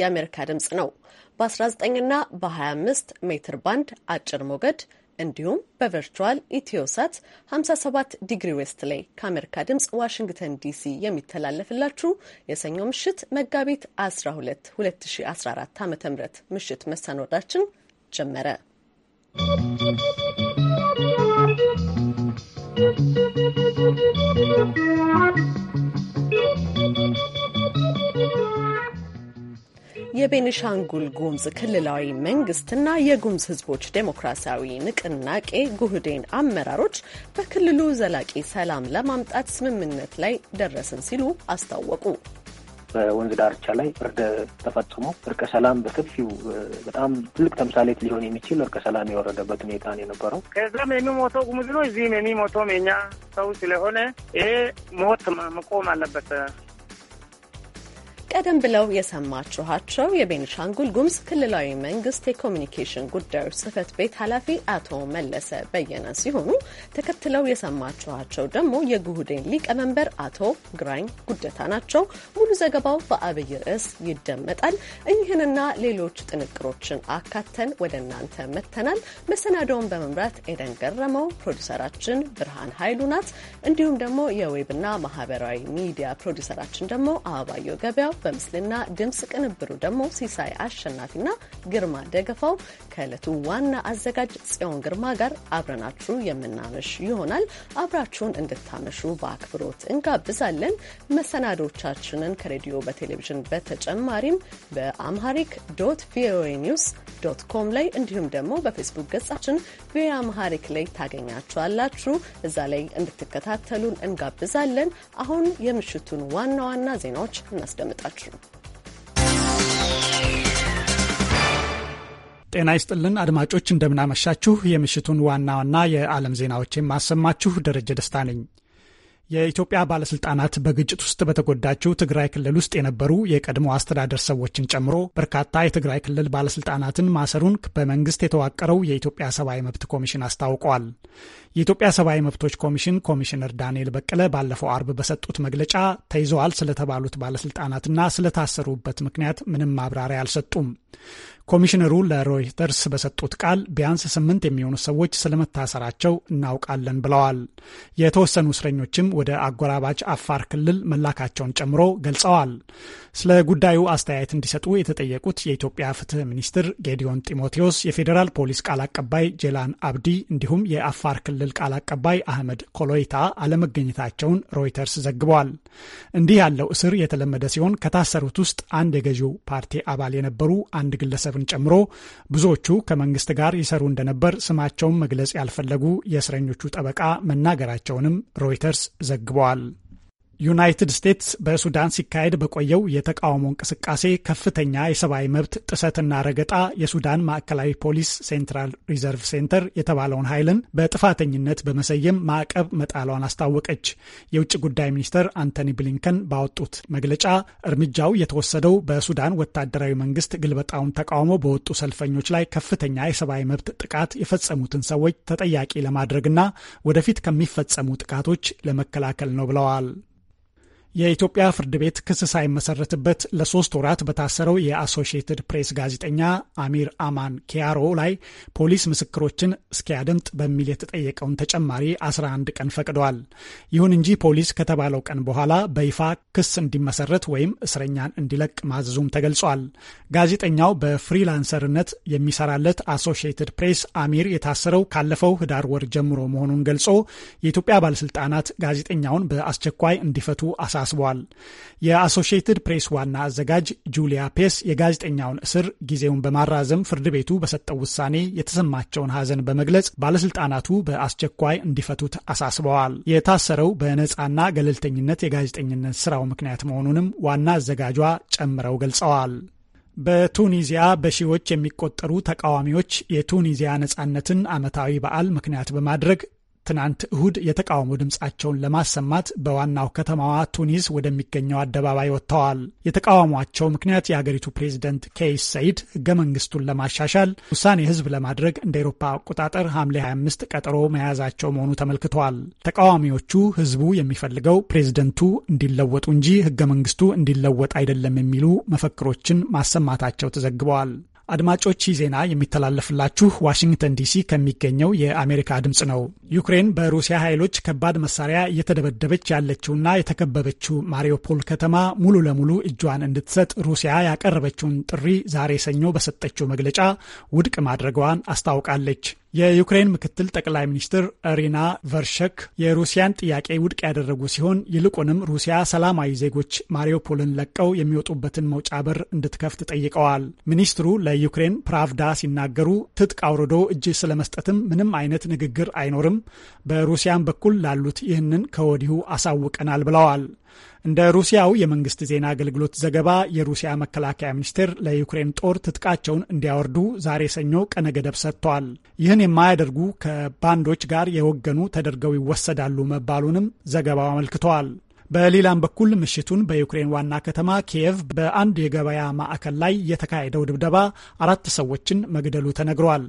የአሜሪካ ድምፅ ነው። በ19ና በ25 ሜትር ባንድ አጭር ሞገድ እንዲሁም በቨርቹዋል ኢትዮሳት 57 ዲግሪ ዌስት ላይ ከአሜሪካ ድምፅ ዋሽንግተን ዲሲ የሚተላለፍላችሁ የሰኞ ምሽት መጋቢት 12 2014 ዓ ም ምሽት መሰናዷችን ጀመረ። ¶¶ የቤኒሻንጉል ጉሙዝ ክልላዊ መንግስትና የጉሙዝ ህዝቦች ዴሞክራሲያዊ ንቅናቄ ጉህዴን አመራሮች በክልሉ ዘላቂ ሰላም ለማምጣት ስምምነት ላይ ደረስን ሲሉ አስታወቁ። በወንዝ ዳርቻ ላይ እርደ ተፈጽሞ እርቀ ሰላም በሰፊው በጣም ትልቅ ተምሳሌት ሊሆን የሚችል እርቀ ሰላም የወረደበት ሁኔታ ነው የነበረው። ከዛም የሚሞተው ጉምዝ ነው፣ እዚህም የሚሞተው የኛ ሰው ስለሆነ ይሄ ሞት መቆም አለበት። ቀደም ብለው የሰማችኋቸው የቤኒሻንጉል ጉምዝ ክልላዊ መንግስት የኮሚኒኬሽን ጉዳዮች ጽህፈት ቤት ኃላፊ አቶ መለሰ በየነ ሲሆኑ ተከትለው የሰማችኋቸው ደግሞ የጉህዴን ሊቀመንበር አቶ ግራኝ ጉደታ ናቸው። ሙሉ ዘገባው በአብይ ርዕስ ይደመጣል። እኚህንና ሌሎች ጥንቅሮችን አካተን ወደ እናንተ መጥተናል። መሰናዶውን በመምራት ኤደን ገረመው፣ ፕሮዲሰራችን ብርሃን ኃይሉ ናት። እንዲሁም ደግሞ የዌብና ማህበራዊ ሚዲያ ፕሮዲሰራችን ደግሞ አበባየሁ ገበያው በምስልና ድምፅ ቅንብሩ ደግሞ ሲሳይ አሸናፊና ግርማ ደገፋው ከእለቱ ዋና አዘጋጅ ጽዮን ግርማ ጋር አብረናችሁ የምናመሽ ይሆናል። አብራችሁን እንድታመሹ በአክብሮት እንጋብዛለን። መሰናዶቻችንን ከሬዲዮ በቴሌቪዥን በተጨማሪም በአምሃሪክ ዶት ቪኦኤ ኒውስ ዶት ኮም ላይ እንዲሁም ደግሞ በፌስቡክ ገጻችን ቪኦኤ አምሃሪክ ላይ ታገኛችኋላችሁ። እዛ ላይ እንድትከታተሉን እንጋብዛለን። አሁን የምሽቱን ዋና ዋና ዜናዎች እናስደምጣል። አላችሁ። ጤና ይስጥልን አድማጮች፣ እንደምናመሻችሁ። የምሽቱን ዋና ዋና የዓለም ዜናዎች የማሰማችሁ ደረጀ ደስታ ነኝ። የኢትዮጵያ ባለስልጣናት በግጭት ውስጥ በተጎዳችው ትግራይ ክልል ውስጥ የነበሩ የቀድሞ አስተዳደር ሰዎችን ጨምሮ በርካታ የትግራይ ክልል ባለስልጣናትን ማሰሩን በመንግስት የተዋቀረው የኢትዮጵያ ሰብአዊ መብት ኮሚሽን አስታውቋል። የኢትዮጵያ ሰብአዊ መብቶች ኮሚሽን ኮሚሽነር ዳንኤል በቀለ ባለፈው አርብ በሰጡት መግለጫ ተይዘዋል ስለተባሉት ባለስልጣናትና ስለታሰሩበት ምክንያት ምንም ማብራሪያ አልሰጡም። ኮሚሽነሩ ለሮይተርስ በሰጡት ቃል ቢያንስ ስምንት የሚሆኑ ሰዎች ስለመታሰራቸው እናውቃለን ብለዋል። የተወሰኑ እስረኞችም ወደ አጎራባች አፋር ክልል መላካቸውን ጨምሮ ገልጸዋል። ስለ ጉዳዩ አስተያየት እንዲሰጡ የተጠየቁት የኢትዮጵያ ፍትህ ሚኒስትር ጌዲዮን ጢሞቴዎስ፣ የፌዴራል ፖሊስ ቃል አቀባይ ጄላን አብዲ እንዲሁም የአፋር ክልል ክልል ቃል አቀባይ አህመድ ኮሎይታ አለመገኘታቸውን ሮይተርስ ዘግቧል። እንዲህ ያለው እስር የተለመደ ሲሆን ከታሰሩት ውስጥ አንድ የገዢው ፓርቲ አባል የነበሩ አንድ ግለሰብን ጨምሮ ብዙዎቹ ከመንግስት ጋር ይሰሩ እንደነበር ስማቸውን መግለጽ ያልፈለጉ የእስረኞቹ ጠበቃ መናገራቸውንም ሮይተርስ ዘግቧል። ዩናይትድ ስቴትስ በሱዳን ሲካሄድ በቆየው የተቃውሞ እንቅስቃሴ ከፍተኛ የሰብአዊ መብት ጥሰትና ረገጣ የሱዳን ማዕከላዊ ፖሊስ ሴንትራል ሪዘርቭ ሴንተር የተባለውን ኃይልን በጥፋተኝነት በመሰየም ማዕቀብ መጣሏን አስታወቀች። የውጭ ጉዳይ ሚኒስትር አንቶኒ ብሊንከን ባወጡት መግለጫ እርምጃው የተወሰደው በሱዳን ወታደራዊ መንግስት ግልበጣውን ተቃውሞ በወጡ ሰልፈኞች ላይ ከፍተኛ የሰብአዊ መብት ጥቃት የፈጸሙትን ሰዎች ተጠያቂ ለማድረግና ወደፊት ከሚፈጸሙ ጥቃቶች ለመከላከል ነው ብለዋል። የኢትዮጵያ ፍርድ ቤት ክስ ሳይመሰረትበት ለሶስት ወራት በታሰረው የአሶሺየትድ ፕሬስ ጋዜጠኛ አሚር አማን ኪያሮ ላይ ፖሊስ ምስክሮችን እስኪያደምጥ በሚል የተጠየቀውን ተጨማሪ 11 ቀን ፈቅደዋል። ይሁን እንጂ ፖሊስ ከተባለው ቀን በኋላ በይፋ ክስ እንዲመሰረት ወይም እስረኛን እንዲለቅ ማዘዙም ተገልጿል። ጋዜጠኛው በፍሪላንሰርነት የሚሰራለት አሶሽየትድ ፕሬስ አሚር የታሰረው ካለፈው ህዳር ወር ጀምሮ መሆኑን ገልጾ የኢትዮጵያ ባለስልጣናት ጋዜጠኛውን በአስቸኳይ እንዲፈቱ አሳ አሳስቧል። የአሶሺየትድ ፕሬስ ዋና አዘጋጅ ጁሊያ ፔስ የጋዜጠኛውን እስር ጊዜውን በማራዘም ፍርድ ቤቱ በሰጠው ውሳኔ የተሰማቸውን ሐዘን በመግለጽ ባለስልጣናቱ በአስቸኳይ እንዲፈቱት አሳስበዋል። የታሰረው በነፃና ገለልተኝነት የጋዜጠኝነት ስራው ምክንያት መሆኑንም ዋና አዘጋጇ ጨምረው ገልጸዋል። በቱኒዚያ በሺዎች የሚቆጠሩ ተቃዋሚዎች የቱኒዚያ ነጻነትን ዓመታዊ በዓል ምክንያት በማድረግ ትናንት እሁድ የተቃውሞ ድምፃቸውን ለማሰማት በዋናው ከተማዋ ቱኒስ ወደሚገኘው አደባባይ ወጥተዋል። የተቃውሟቸው ምክንያት የአገሪቱ ፕሬዚደንት ኬይስ ሰይድ ህገ መንግስቱን ለማሻሻል ውሳኔ ህዝብ ለማድረግ እንደ ኤሮፓ አቆጣጠር ሐምሌ 25 ቀጠሮ መያዛቸው መሆኑ ተመልክተዋል። ተቃዋሚዎቹ ህዝቡ የሚፈልገው ፕሬዝደንቱ እንዲለወጡ እንጂ ህገ መንግስቱ እንዲለወጥ አይደለም የሚሉ መፈክሮችን ማሰማታቸው ተዘግበዋል። አድማጮች ይህ ዜና የሚተላለፍላችሁ ዋሽንግተን ዲሲ ከሚገኘው የአሜሪካ ድምፅ ነው። ዩክሬን በሩሲያ ኃይሎች ከባድ መሳሪያ እየተደበደበች ያለችውና የተከበበችው ማሪዮፖል ከተማ ሙሉ ለሙሉ እጇን እንድትሰጥ ሩሲያ ያቀረበችውን ጥሪ ዛሬ ሰኞ በሰጠችው መግለጫ ውድቅ ማድረጓን አስታውቃለች። የዩክሬን ምክትል ጠቅላይ ሚኒስትር ሪና ቨርሸክ የሩሲያን ጥያቄ ውድቅ ያደረጉ ሲሆን ይልቁንም ሩሲያ ሰላማዊ ዜጎች ማሪዮፖልን ለቀው የሚወጡበትን መውጫ በር እንድትከፍት ጠይቀዋል። ሚኒስትሩ ለዩክሬን ፕራቭዳ ሲናገሩ ትጥቅ አውርዶ እጅ ስለመስጠትም ምንም አይነት ንግግር አይኖርም፣ በሩሲያን በኩል ላሉት ይህንን ከወዲሁ አሳውቀናል ብለዋል። እንደ ሩሲያው የመንግስት ዜና አገልግሎት ዘገባ የሩሲያ መከላከያ ሚኒስቴር ለዩክሬን ጦር ትጥቃቸውን እንዲያወርዱ ዛሬ ሰኞ ቀነ ገደብ ሰጥተዋል። ይህን የማያደርጉ ከባንዶች ጋር የወገኑ ተደርገው ይወሰዳሉ መባሉንም ዘገባው አመልክተዋል። በሌላም በኩል ምሽቱን በዩክሬን ዋና ከተማ ኪየቭ በአንድ የገበያ ማዕከል ላይ የተካሄደው ድብደባ አራት ሰዎችን መግደሉ ተነግሯል።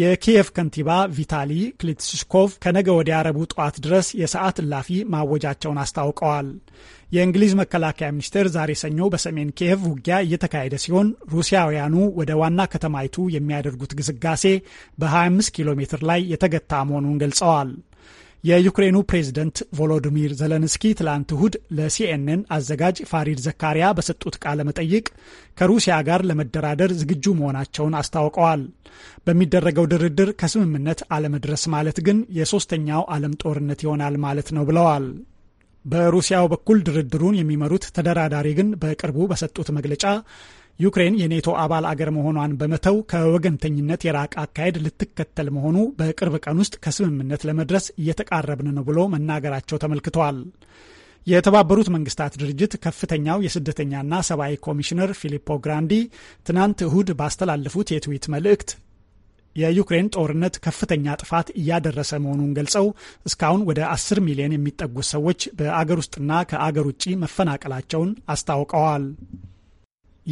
የኪየቭ ከንቲባ ቪታሊ ክሊትሽኮቭ ከነገ ወዲያ ረቡዕ ጠዋት ድረስ የሰዓት እላፊ ማወጃቸውን አስታውቀዋል። የእንግሊዝ መከላከያ ሚኒስቴር ዛሬ ሰኞ በሰሜን ኪየቭ ውጊያ እየተካሄደ ሲሆን ሩሲያውያኑ ወደ ዋና ከተማይቱ የሚያደርጉት ግስጋሴ በ25 ኪሎ ሜትር ላይ የተገታ መሆኑን ገልጸዋል። የዩክሬኑ ፕሬዝደንት ቮሎዲሚር ዘለንስኪ ትላንት እሁድ ለሲኤንኤን አዘጋጅ ፋሪድ ዘካሪያ በሰጡት ቃለ መጠይቅ ከሩሲያ ጋር ለመደራደር ዝግጁ መሆናቸውን አስታውቀዋል። በሚደረገው ድርድር ከስምምነት አለመድረስ ማለት ግን የሶስተኛው ዓለም ጦርነት ይሆናል ማለት ነው ብለዋል። በሩሲያው በኩል ድርድሩን የሚመሩት ተደራዳሪ ግን በቅርቡ በሰጡት መግለጫ ዩክሬን የኔቶ አባል አገር መሆኗን በመተው ከወገንተኝነት የራቀ አካሄድ ልትከተል መሆኑ በቅርብ ቀን ውስጥ ከስምምነት ለመድረስ እየተቃረብን ነው ብሎ መናገራቸው ተመልክተዋል። የተባበሩት መንግስታት ድርጅት ከፍተኛው የስደተኛና ሰብአዊ ኮሚሽነር ፊሊፖ ግራንዲ ትናንት እሁድ ባስተላለፉት የትዊት መልእክት የዩክሬን ጦርነት ከፍተኛ ጥፋት እያደረሰ መሆኑን ገልጸው እስካሁን ወደ 10 ሚሊዮን የሚጠጉ ሰዎች በአገር ውስጥና ከአገር ውጭ መፈናቀላቸውን አስታውቀዋል።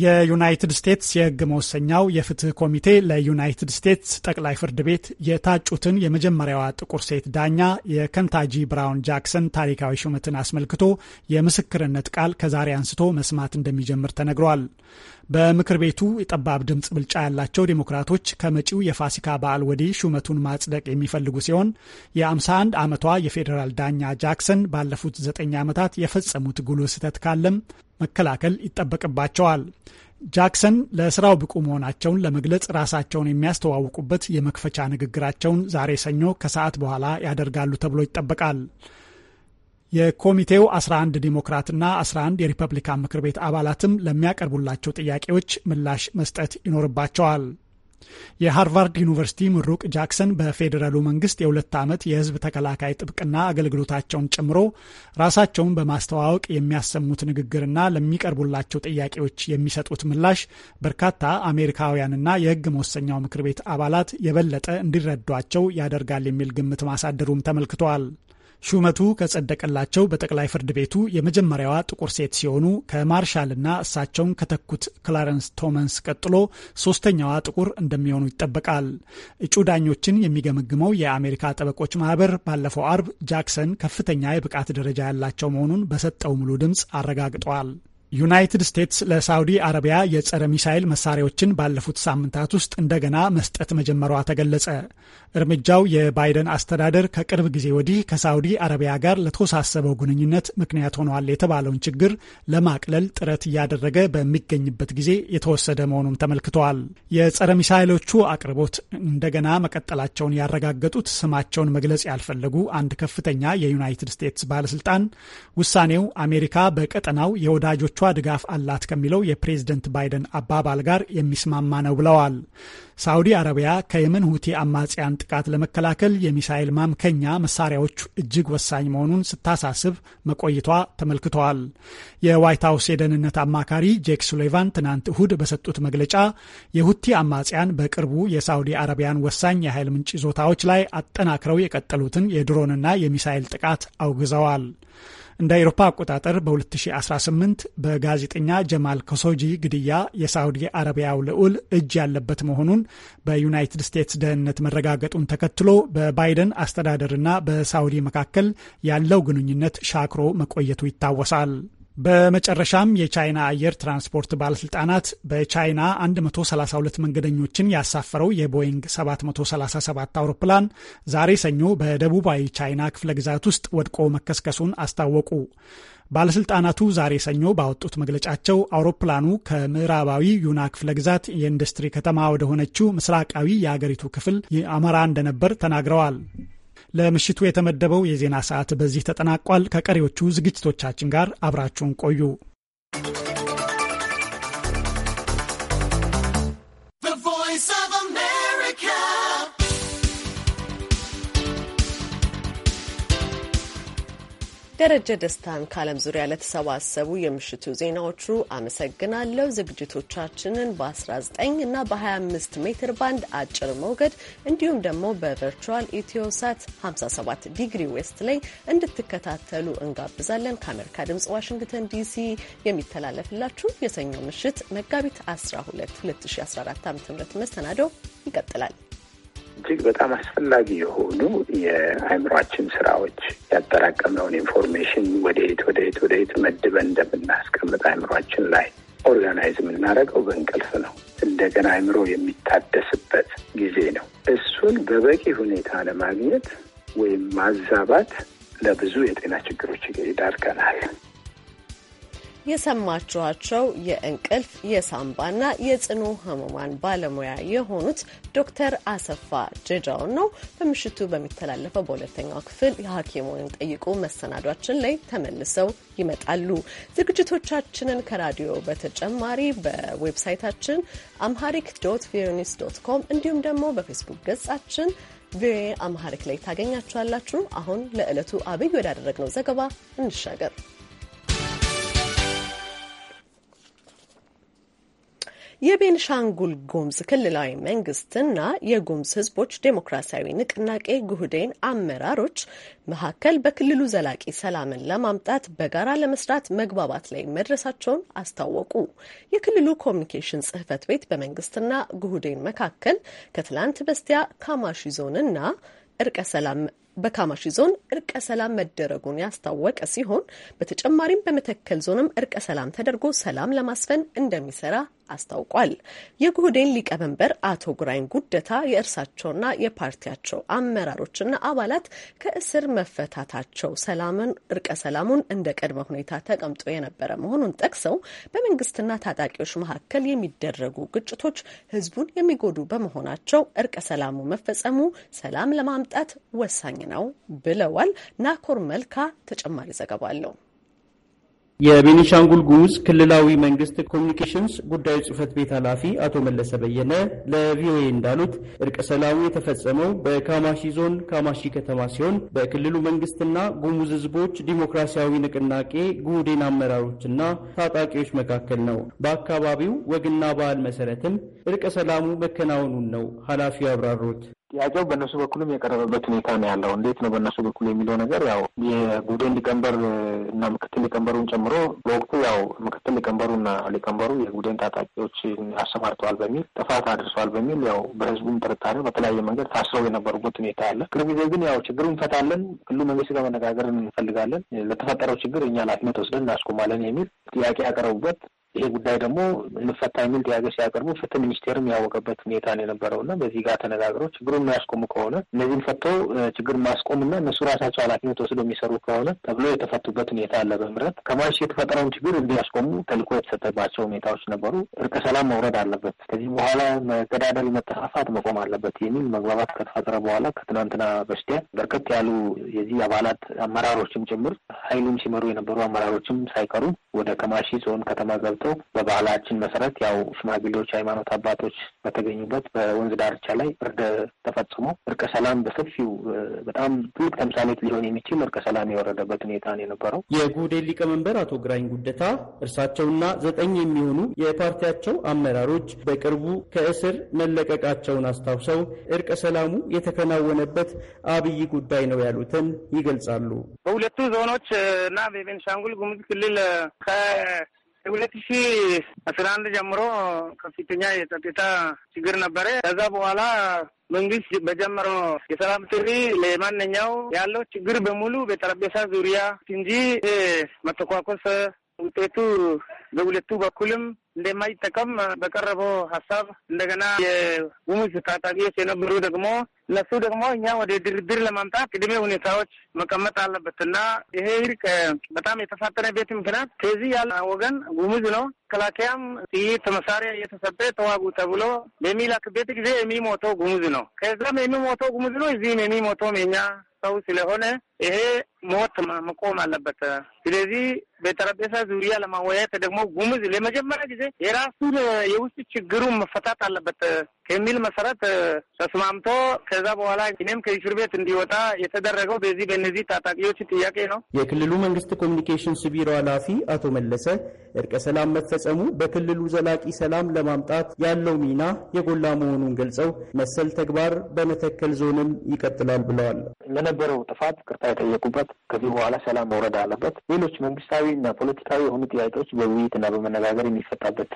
የዩናይትድ ስቴትስ የህግ መወሰኛው የፍትህ ኮሚቴ ለዩናይትድ ስቴትስ ጠቅላይ ፍርድ ቤት የታጩትን የመጀመሪያዋ ጥቁር ሴት ዳኛ የከንታጂ ብራውን ጃክሰን ታሪካዊ ሹመትን አስመልክቶ የምስክርነት ቃል ከዛሬ አንስቶ መስማት እንደሚጀምር ተነግሯል። በምክር ቤቱ የጠባብ ድምፅ ብልጫ ያላቸው ዴሞክራቶች ከመጪው የፋሲካ በዓል ወዲህ ሹመቱን ማጽደቅ የሚፈልጉ ሲሆን የ51 ዓመቷ የፌዴራል ዳኛ ጃክሰን ባለፉት ዘጠኝ ዓመታት የፈጸሙት ጉልህ ስህተት ካለም መከላከል ይጠበቅባቸዋል። ጃክሰን ለስራው ብቁ መሆናቸውን ለመግለጽ ራሳቸውን የሚያስተዋውቁበት የመክፈቻ ንግግራቸውን ዛሬ ሰኞ ከሰዓት በኋላ ያደርጋሉ ተብሎ ይጠበቃል። የኮሚቴው 11 ዲሞክራትና 11 የሪፐብሊካን ምክር ቤት አባላትም ለሚያቀርቡላቸው ጥያቄዎች ምላሽ መስጠት ይኖርባቸዋል። የሃርቫርድ ዩኒቨርሲቲ ምሩቅ ጃክሰን በፌዴራሉ መንግስት የሁለት ዓመት የህዝብ ተከላካይ ጥብቅና አገልግሎታቸውን ጨምሮ ራሳቸውን በማስተዋወቅ የሚያሰሙት ንግግርና ለሚቀርቡላቸው ጥያቄዎች የሚሰጡት ምላሽ በርካታ አሜሪካውያንና የህግ መወሰኛው ምክር ቤት አባላት የበለጠ እንዲረዷቸው ያደርጋል የሚል ግምት ማሳደሩም ተመልክቷል። ሹመቱ ከጸደቀላቸው በጠቅላይ ፍርድ ቤቱ የመጀመሪያዋ ጥቁር ሴት ሲሆኑ ከማርሻልና እሳቸውን ከተኩት ክላረንስ ቶመንስ ቀጥሎ ሶስተኛዋ ጥቁር እንደሚሆኑ ይጠበቃል። እጩ ዳኞችን የሚገመግመው የአሜሪካ ጠበቆች ማህበር ባለፈው አርብ ጃክሰን ከፍተኛ የብቃት ደረጃ ያላቸው መሆኑን በሰጠው ሙሉ ድምፅ አረጋግጧል። ዩናይትድ ስቴትስ ለሳውዲ አረቢያ የጸረ ሚሳይል መሳሪያዎችን ባለፉት ሳምንታት ውስጥ እንደገና መስጠት መጀመሯ ተገለጸ። እርምጃው የባይደን አስተዳደር ከቅርብ ጊዜ ወዲህ ከሳውዲ አረቢያ ጋር ለተወሳሰበው ግንኙነት ምክንያት ሆኗል። የተባለውን ችግር ለማቅለል ጥረት እያደረገ በሚገኝበት ጊዜ የተወሰደ መሆኑም ተመልክተዋል። የጸረ ሚሳይሎቹ አቅርቦት እንደገና መቀጠላቸውን ያረጋገጡት ስማቸውን መግለጽ ያልፈለጉ አንድ ከፍተኛ የዩናይትድ ስቴትስ ባለስልጣን ውሳኔው አሜሪካ በቀጠናው የወዳጆቿ ድጋፍ አላት ከሚለው የፕሬዝደንት ባይደን አባባል ጋር የሚስማማ ነው ብለዋል። ሳዑዲ አረቢያ ከየመን ሁቲ አማጽያን ጥቃት ለመከላከል የሚሳኤል ማምከኛ መሳሪያዎች እጅግ ወሳኝ መሆኑን ስታሳስብ መቆይቷ ተመልክተዋል። የዋይት ሀውስ የደህንነት አማካሪ ጄክ ሱሊቫን ትናንት እሁድ በሰጡት መግለጫ የሁቲ አማጽያን በቅርቡ የሳዑዲ አረቢያን ወሳኝ የኃይል ምንጭ ይዞታዎች ላይ አጠናክረው የቀጠሉትን የድሮንና የሚሳኤል ጥቃት አውግዘዋል። እንደ አውሮፓ አቆጣጠር በ2018 በጋዜጠኛ ጀማል ኮሶጂ ግድያ የሳውዲ አረቢያው ልዑል እጅ ያለበት መሆኑን በዩናይትድ ስቴትስ ደህንነት መረጋገጡን ተከትሎ በባይደን አስተዳደርና በሳውዲ መካከል ያለው ግንኙነት ሻክሮ መቆየቱ ይታወሳል። በመጨረሻም የቻይና አየር ትራንስፖርት ባለስልጣናት በቻይና 132 መንገደኞችን ያሳፈረው የቦይንግ 737 አውሮፕላን ዛሬ ሰኞ በደቡባዊ ቻይና ክፍለ ግዛት ውስጥ ወድቆ መከስከሱን አስታወቁ። ባለስልጣናቱ ዛሬ ሰኞ ባወጡት መግለጫቸው አውሮፕላኑ ከምዕራባዊ ዩና ክፍለ ግዛት የኢንዱስትሪ ከተማ ወደሆነችው ምስራቃዊ የአገሪቱ ክፍል አመራ እንደነበር ተናግረዋል። ለምሽቱ የተመደበው የዜና ሰዓት በዚህ ተጠናቋል። ከቀሪዎቹ ዝግጅቶቻችን ጋር አብራችሁን ቆዩ። ደረጀ ደስታን ከዓለም ዙሪያ ለተሰባሰቡ የምሽቱ ዜናዎቹ አመሰግናለሁ። ዝግጅቶቻችንን በ19 እና በ25 ሜትር ባንድ አጭር ሞገድ እንዲሁም ደግሞ በቨርቹዋል ኢትዮሳት 57 ዲግሪ ዌስት ላይ እንድትከታተሉ እንጋብዛለን። ከአሜሪካ ድምጽ ዋሽንግተን ዲሲ የሚተላለፍላችሁ የሰኞ ምሽት መጋቢት 12 2014 ዓ ም መሰናዶው ይቀጥላል። እጅግ በጣም አስፈላጊ የሆኑ የአእምሯችን ስራዎች ያጠራቀምነውን ኢንፎርሜሽን ወደየት ወደየት ወደየት መድበን እንደምናስቀምጥ አእምሯችን ላይ ኦርጋናይዝ የምናደርገው በእንቅልፍ ነው። እንደገና አእምሮ የሚታደስበት ጊዜ ነው። እሱን በበቂ ሁኔታ ለማግኘት ወይም ማዛባት ለብዙ የጤና ችግሮች ይዳርገናል። የሰማችኋቸው የእንቅልፍ የሳምባና የጽኑ ህሙማን ባለሙያ የሆኑት ዶክተር አሰፋ ጀጃውን ነው። በምሽቱ በሚተላለፈው በሁለተኛው ክፍል የሐኪሙን ጠይቁ መሰናዷችን ላይ ተመልሰው ይመጣሉ። ዝግጅቶቻችንን ከራዲዮ በተጨማሪ በዌብሳይታችን አምሃሪክ ዶት ቪኦኤኒውስ ዶት ኮም እንዲሁም ደግሞ በፌስቡክ ገጻችን ቪኦኤ አምሃሪክ ላይ ታገኛችኋላችሁ። አሁን ለዕለቱ አብይ ወዳደረግነው ዘገባ እንሻገር። የቤንሻንጉል ጉምዝ ክልላዊ መንግስትና የጉምዝ ህዝቦች ዴሞክራሲያዊ ንቅናቄ ጉህዴን አመራሮች መካከል በክልሉ ዘላቂ ሰላምን ለማምጣት በጋራ ለመስራት መግባባት ላይ መድረሳቸውን አስታወቁ። የክልሉ ኮሚኒኬሽን ጽህፈት ቤት በመንግስትና ጉህዴን መካከል ከትላንት በስቲያ ካማሺ ዞንና እርቀ ሰላም በካማሺ ዞን እርቀ ሰላም መደረጉን ያስታወቀ ሲሆን በተጨማሪም በመተከል ዞንም እርቀ ሰላም ተደርጎ ሰላም ለማስፈን እንደሚሰራ አስታውቋል። የጉህዴን ሊቀመንበር አቶ ጉራይን ጉደታ የእርሳቸውና የፓርቲያቸው አመራሮችና አባላት ከእስር መፈታታቸው ሰላምን እርቀ ሰላሙን እንደ ቀድመ ሁኔታ ተቀምጦ የነበረ መሆኑን ጠቅሰው በመንግስትና ታጣቂዎች መካከል የሚደረጉ ግጭቶች ህዝቡን የሚጎዱ በመሆናቸው እርቀ ሰላሙ መፈጸሙ ሰላም ለማምጣት ወሳኝ ነው ብለዋል። ናኮር መልካ ተጨማሪ ዘገባ አለው። የቤኒሻንጉል ጉሙዝ ክልላዊ መንግስት ኮሚኒኬሽንስ ጉዳዩ ጽህፈት ቤት ኃላፊ አቶ መለሰ በየነ ለቪኦኤ እንዳሉት እርቀ ሰላሙ የተፈጸመው በካማሺ ዞን ካማሺ ከተማ ሲሆን በክልሉ መንግስትና ጉሙዝ ህዝቦች ዲሞክራሲያዊ ንቅናቄ ጉህዴን አመራሮችና ታጣቂዎች መካከል ነው። በአካባቢው ወግና ባህል መሰረትም እርቀ ሰላሙ መከናወኑን ነው ኃላፊው አብራሮት። ጥያቄው በእነሱ በኩልም የቀረበበት ሁኔታ ነው ያለው። እንዴት ነው በእነሱ በኩል የሚለው ነገር ያው የጉዴን ሊቀመንበር እና ምክትል ሊቀመንበሩን ጨምሮ በወቅቱ ያው ምክትል እና ሊቀመንበሩ የጉዴን ታጣቂዎችን አሰማርተዋል በሚል ጥፋት አድርሰዋል በሚል ያው በህዝቡም ጥርጣሬ በተለያየ መንገድ ታስረው የነበሩበት ሁኔታ አለ። ቅርብ ጊዜ ግን ያው ችግሩ እንፈታለን፣ ሁሉ መንግስት ጋር መነጋገር እንፈልጋለን፣ ለተፈጠረው ችግር እኛ ኃላፊነት ወስደን እናስቆማለን የሚል ጥያቄ ያቀረቡበት ይሄ ጉዳይ ደግሞ እንፈታ የሚል ጥያቄ ሲያቀርቡ ፍትህ ሚኒስቴርም ያወቀበት ሁኔታ ነው የነበረው እና በዚህ ጋር ተነጋግረው ችግሩን የሚያስቆሙ ከሆነ እነዚህን ፈቶ ችግር ማስቆም እና እነሱ ራሳቸው ኃላፊነት ወስዶ የሚሰሩ ከሆነ ተብሎ የተፈቱበት ሁኔታ አለ። በምረት ከማሽ የተፈጠረውን ችግር እንዲያስቆሙ ተልኮ የተሰጠባቸው ሁኔታዎች ነበሩ። እርቀ ሰላም መውረድ አለበት፣ ከዚህ በኋላ መገዳደል፣ መጠፋፋት መቆም አለበት የሚል መግባባት ከተፈጠረ በኋላ ከትናንትና በስቲያ በርከት ያሉ የዚህ አባላት አመራሮችም ጭምር ኃይሉም ሲመሩ የነበሩ አመራሮችም ሳይቀሩ ወደ ከማሺ ዞን ከተማ ገብተ ተመርጠው በባህላችን መሰረት ያው ሽማግሌዎች፣ ሃይማኖት አባቶች በተገኙበት በወንዝ ዳርቻ ላይ እርደ ተፈጽሞ እርቀ ሰላም በሰፊው በጣም ትልቅ ተምሳሌት ሊሆን የሚችል እርቀ ሰላም የወረደበት ሁኔታ ነው የነበረው። የጉዴ ሊቀመንበር አቶ ግራኝ ጉደታ እርሳቸውና ዘጠኝ የሚሆኑ የፓርቲያቸው አመራሮች በቅርቡ ከእስር መለቀቃቸውን አስታውሰው እርቀ ሰላሙ የተከናወነበት አብይ ጉዳይ ነው ያሉትን ይገልጻሉ። በሁለቱ ዞኖች እና በቤንሻንጉል ጉሙዝ ክልል ከሁለት ሺ አስራ አንድ ጀምሮ ከፍተኛ የጸጥታ ችግር ነበረ። ከዛ በኋላ መንግስት በጀመረው የሰላም ጥሪ ለማንኛው ያለው ችግር በሙሉ በጠረጴዛ ዙሪያ እንጂ መተኳኮስ ውጤቱ በሁለቱ በኩልም እንደማይጠቀም በቀረበው ሀሳብ እንደገና የጉሙዝ ታጣቂዎች የነበሩ ደግሞ እነሱ ደግሞ እኛ ወደ ድርድር ለማምጣት ቅድሜ ሁኔታዎች መቀመጥ አለበትና ይሄ እርቅ በጣም የተፋጠነ ቤት ምክንያት ከዚህ ያለ ወገን ጉሙዝ ነው። መከላከያም ጥይት መሳሪያ እየተሰጠ ተዋጉ ተብሎ በሚላክበት ጊዜ የሚሞተው ጉሙዝ ነው። ከዛም የሚሞተው ጉሙዝ ነው። እዚህም የሚሞተውም የኛ ሰው ስለሆነ ይሄ ሞት መቆም አለበት። ስለዚህ በጠረጴዛ ዙሪያ ለማወያየት ደግሞ ጉሙዝ ለመጀመሪያ ጊዜ የራሱን የውስጥ ችግሩን መፈታት አለበት ከሚል መሰረት ተስማምቶ ከዛ በኋላ እኔም ከእስር ቤት እንዲወጣ የተደረገው በዚህ በእነዚህ ታጣቂዎች ጥያቄ ነው። የክልሉ መንግስት ኮሚኒኬሽንስ ቢሮ ኃላፊ አቶ መለሰ እርቀ ሰላም መፈጸሙ በክልሉ ዘላቂ ሰላም ለማምጣት ያለው ሚና የጎላ መሆኑን ገልጸው መሰል ተግባር በመተከል ዞንም ይቀጥላል ብለዋል። ለነበረው ጥፋት ቅርታ የጠየቁበት ከዚህ በኋላ ሰላም መውረድ አለበት፣ ሌሎች መንግስታዊ እና ፖለቲካዊ የሆኑ ጥያቄዎች በውይይትና በመነጋገር የሚፈታበት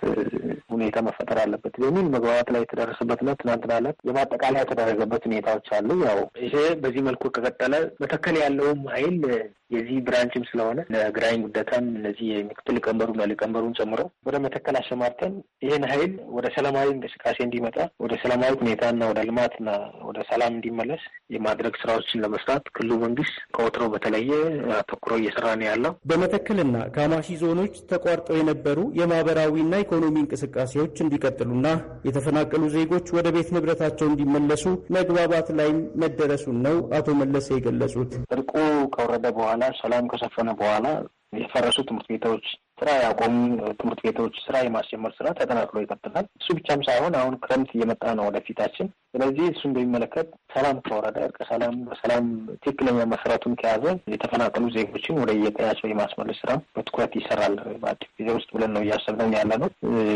ሁኔታ መፈጠር አለበት በሚል መግባባት ላይ የተደረሰበት ነው። ትናንትና ዕለት የማጠቃለያ የተደረገበት ሁኔታዎች አሉ። ያው ይሄ በዚህ መልኩ ከቀጠለ መተከል ያለውም ኃይል የዚህ ብራንችም ስለሆነ ለግራኝ ጉደታም እነዚህ የምክትል ቀንበሩ እና ሊቀንበሩን ጨምሮ ወደ መተከል አሰማርተን ይህን ኃይል ወደ ሰላማዊ እንቅስቃሴ እንዲመጣ ወደ ሰላማዊ ሁኔታና ወደ ልማትና ወደ ሰላም እንዲመለስ የማድረግ ስራዎችን ለመስራት ክልሉ መንግስት ከወትሮ በተለየ አተኩሮ እየሰራ ነው ያለው። በመተከልና ካማሺ ዞኖች ተቋርጠው የነበሩ የማህበራዊና ኢኮኖሚ እንቅስቃሴዎች እንዲቀጥሉና የተፈናቀሉ ዜጎች ወደ ቤት ንብረታቸው እንዲመለሱ መግባባት ላይ መደረሱን ነው አቶ መለሰ የገለጹት። እርቁ ከወረደ በኋላ በኋላ ሰላም ከሰፈነ በኋላ የፈረሱ ትምህርት ቤቶች ስራ ያቆሙ ትምህርት ቤቶች ስራ የማስጀመር ስራ ተጠናክሎ ይቀጥላል። እሱ ብቻም ሳይሆን አሁን ክረምት እየመጣ ነው ወደፊታችን ስለዚህ እሱ እንደሚመለከት ሰላም ከወረደ እርቀ ሰላም በሰላም ትክክለኛ መሰረቱን ከያዘ የተፈናቀሉ ዜጎችን ወደ የቀያቸው የማስመለስ ስራ በትኩረት ይሰራል በአጭር ጊዜ ውስጥ ብለን ነው እያሰብነው ያለ ነው።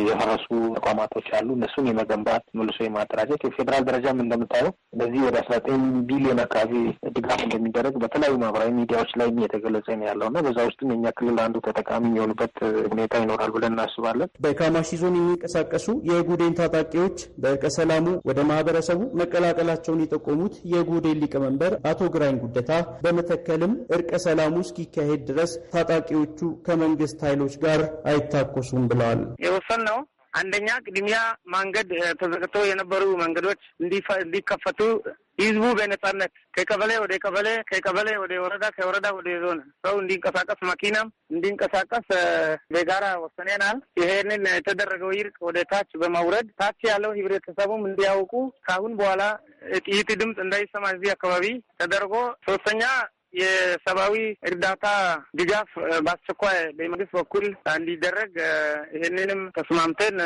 የፈረሱ ተቋማቶች አሉ። እነሱን የመገንባት መልሶ የማደራጀት የፌዴራል ደረጃም እንደምታየው በዚህ ወደ አስራ ዘጠኝ ቢሊዮን አካባቢ ድጋፍ እንደሚደረግ በተለያዩ ማህበራዊ ሚዲያዎች ላይ የተገለጸ ነው ያለው እና በዛ ውስጥም የኛ ክልል አንዱ ተጠቃሚ የሚሆኑበት ሁኔታ ይኖራል ብለን እናስባለን። በካማሺ ዞን የሚንቀሳቀሱ የጉዴን ታጣቂዎች በእርቀ ሰላሙ ወደ ማህበረ ማህበረሰቡ መቀላቀላቸውን የጠቆሙት የጎዴ ሊቀመንበር አቶ ግራኝ ጉደታ በመተከልም እርቀ ሰላሙ እስኪካሄድ ድረስ ታጣቂዎቹ ከመንግስት ኃይሎች ጋር አይታኮሱም ብለዋል። የወሰን ነው አንደኛ ቅድሚያ መንገድ ተዘግተው የነበሩ መንገዶች እንዲከፈቱ ህዝቡ በነጻነት ከቀበሌ ወደ ቀበሌ ከቀበሌ ወደ ወረዳ ከወረዳ ወደ ዞን ሰው እንዲንቀሳቀስ መኪናም እንዲንቀሳቀስ በጋራ ወሰኔናል። ይሄንን የተደረገው ይርቅ ወደ ታች በማውረድ ታች ያለው ህብረተሰቡም እንዲያውቁ ከአሁን በኋላ ጥይት ድምፅ እንዳይሰማ እዚህ አካባቢ ተደርጎ ሶስተኛ የሰብአዊ እርዳታ ድጋፍ በአስቸኳይ በመንግስት በኩል እንዲደረግ ይህንንም ተስማምተን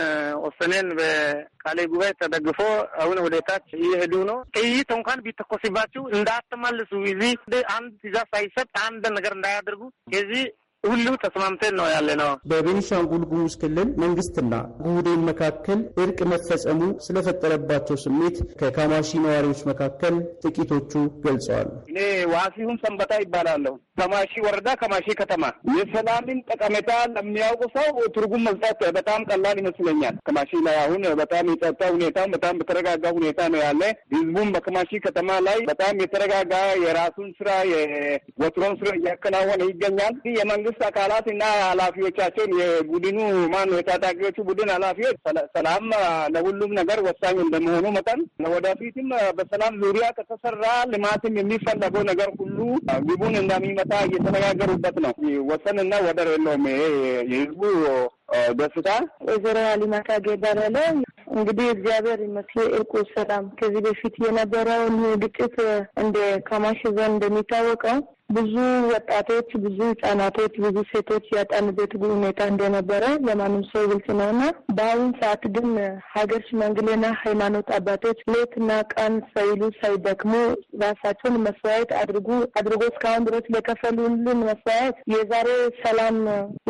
ወሰነን። በቃሌ ጉባኤ ተደግፎ አሁን ወደ ታች እየሄዱ ነው። ጥይት እንኳን ቢተኮስባችሁ እንዳትመልሱ። እዚህ አንድ ትእዛዝ ሳይሰጥ አንድ ነገር እንዳያደርጉ ከዚህ ሁሉ ተስማምተን ነው ያለ ነው። በቤኒሻንጉል ጉሙዝ ክልል መንግስትና ጉህዴን መካከል እርቅ መፈጸሙ ስለፈጠረባቸው ስሜት ከካማሺ ነዋሪዎች መካከል ጥቂቶቹ ገልጸዋል። እኔ ዋሲሁን ሰንበታ ይባላለሁ። ከማሺ ወረዳ ከማሺ ከተማ የሰላምን ጠቀሜታ ለሚያውቁ ሰው ትርጉም መስጠት በጣም ቀላል ይመስለኛል። ከማሺ ላይ አሁን በጣም የጸጥታ ሁኔታ በጣም በተረጋጋ ሁኔታ ነው ያለ። ህዝቡም በከማሺ ከተማ ላይ በጣም የተረጋጋ የራሱን ስራ የወትሮን ስራ እያከናወነ ይገኛል። የመንግስት የመንግስት አካላት እና ኃላፊዎቻቸውን የቡድኑ ማን የታጣቂዎቹ ቡድን ኃላፊዎች ሰላም ለሁሉም ነገር ወሳኝ እንደመሆኑ መጠን ወደፊትም በሰላም ዙሪያ ከተሰራ ልማትም የሚፈለገው ነገር ሁሉ ግቡን እንደሚመጣ እየተነጋገሩበት ነው። ወሰንና ወደር የለውም። የህዝቡ ደስታ ወይዘሮ አሊማካ ገባላለ እንግዲህ እግዚአብሔር ይመስገን እርቁ ሰላም ከዚህ በፊት የነበረውን ግጭት እንደ ከማሽ ዞን እንደሚታወቀው ብዙ ወጣቶች፣ ብዙ ህጻናቶች፣ ብዙ ሴቶች ያጣንበት ሁኔታ እንደነበረ ለማንም ሰው ግልጽ ነው እና በአሁን ሰዓት ግን ሀገር ሽማግሌና ሃይማኖት አባቶች ሌትና ቀን ሳይሉ ሳይደክሙ ራሳቸውን መስዋዕት አድርጉ አድርጎ እስካሁን ድረስ ለከፈሉልን መስዋዕት የዛሬ ሰላም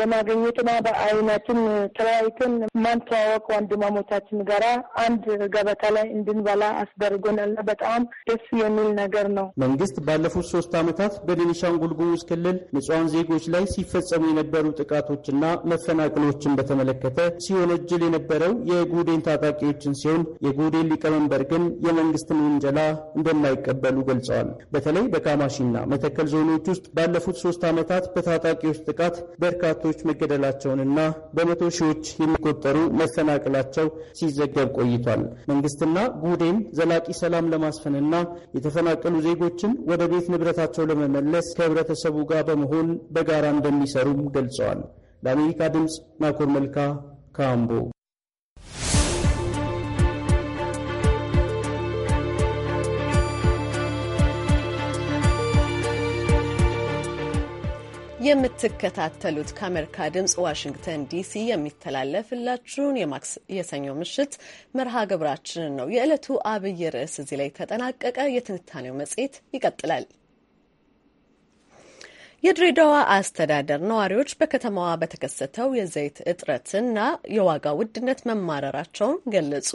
ለማግኘትና በአይናችን ተለያይተን ማንተዋወቅ ወንድማሞቻችን ጋራ አንድ ገበታ ላይ እንድንበላ አስደርጎናልና በጣም ደስ የሚል ነገር ነው። መንግስት ባለፉት ሶስት አመታት በ በቤኒሻንጉል ጉሙዝ ክልል ንጹሐን ዜጎች ላይ ሲፈጸሙ የነበሩ ጥቃቶችና መፈናቅሎችን በተመለከተ ሲወነጅል የነበረው የጉዴን ታጣቂዎችን ሲሆን የጉዴን ሊቀመንበር ግን የመንግስትን ውንጀላ እንደማይቀበሉ ገልጸዋል። በተለይ በካማሺና መተከል ዞኖች ውስጥ ባለፉት ሶስት ዓመታት በታጣቂዎች ጥቃት በርካቶች መገደላቸውንና በመቶ ሺዎች የሚቆጠሩ መፈናቅላቸው ሲዘገብ ቆይቷል። መንግስትና ጉዴን ዘላቂ ሰላም ለማስፈንና የተፈናቀሉ ዜጎችን ወደ ቤት ንብረታቸው ለመመለስ ለመመለስ ከህብረተሰቡ ጋር በመሆን በጋራ እንደሚሰሩም ገልጸዋል። ለአሜሪካ ድምፅ ናኮር መልካ ካምቦ። የምትከታተሉት ከአሜሪካ ድምፅ ዋሽንግተን ዲሲ የሚተላለፍላችሁን የሰኞ ምሽት መርሃ ግብራችንን ነው። የዕለቱ አብይ ርዕስ እዚህ ላይ ተጠናቀቀ። የትንታኔው መጽሔት ይቀጥላል። የድሬዳዋ አስተዳደር ነዋሪዎች በከተማዋ በተከሰተው የዘይት እጥረትና የዋጋ ውድነት መማረራቸውን ገለጹ።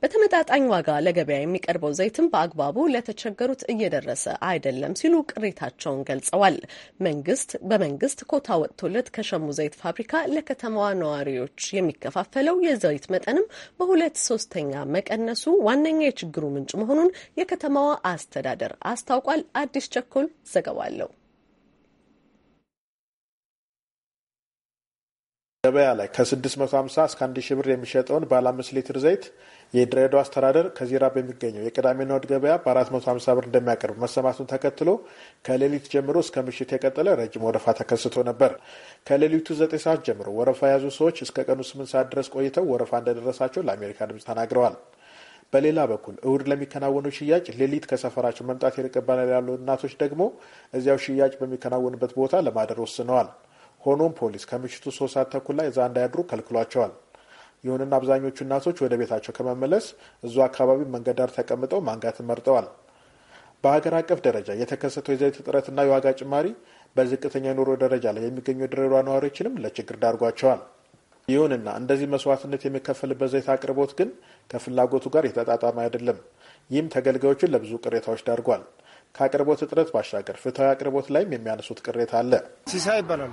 በተመጣጣኝ ዋጋ ለገበያ የሚቀርበው ዘይትም በአግባቡ ለተቸገሩት እየደረሰ አይደለም ሲሉ ቅሬታቸውን ገልጸዋል። መንግስት በመንግስት ኮታ ወጥቶለት ከሸሙ ዘይት ፋብሪካ ለከተማዋ ነዋሪዎች የሚከፋፈለው የዘይት መጠንም በሁለት ሶስተኛ መቀነሱ ዋነኛ የችግሩ ምንጭ መሆኑን የከተማዋ አስተዳደር አስታውቋል። አዲስ ቸኮል ዘገባ አለው። ገበያ ላይ ከ650 እስከ 1 ብር የሚሸጠውን ባለ አምስት ሊትር ዘይት የድሬዳዋ አስተዳደር ከዚራ በሚገኘው የቅዳሜና እሁድ ገበያ በ450 ብር እንደሚያቀርብ መሰማቱን ተከትሎ ከሌሊት ጀምሮ እስከ ምሽት የቀጠለ ረጅም ወረፋ ተከስቶ ነበር። ከሌሊቱ 9 ሰዓት ጀምሮ ወረፋ የያዙ ሰዎች እስከ ቀኑ 8 ሰዓት ድረስ ቆይተው ወረፋ እንደደረሳቸው ለአሜሪካ ድምፅ ተናግረዋል። በሌላ በኩል እሁድ ለሚከናወኑ ሽያጭ ሌሊት ከሰፈራቸው መምጣት ይርቅብናል ያሉ እናቶች ደግሞ እዚያው ሽያጭ በሚከናወንበት ቦታ ለማደር ወስነዋል። ሆኖም ፖሊስ ከምሽቱ ሶስት ሰዓት ተኩል ላይ እዛ እንዳያድሩ ከልክሏቸዋል። ይሁንና አብዛኞቹ እናቶች ወደ ቤታቸው ከመመለስ እዙ አካባቢ መንገድ ዳር ተቀምጠው ማንጋትን መርጠዋል። በሀገር አቀፍ ደረጃ የተከሰተው የዘይት እጥረትና የዋጋ ጭማሪ በዝቅተኛ ኑሮ ደረጃ ላይ የሚገኙ የድሬዳዋ ነዋሪዎችንም ለችግር ዳርጓቸዋል። ይሁንና እንደዚህ መስዋዕትነት የሚከፈልበት ዘይት አቅርቦት ግን ከፍላጎቱ ጋር የተጣጣመ አይደለም። ይህም ተገልጋዮችን ለብዙ ቅሬታዎች ዳርጓል። ከአቅርቦት እጥረት ባሻገር ፍትሐዊ አቅርቦት ላይም የሚያነሱት ቅሬታ አለ። ሲሳ ይባላል።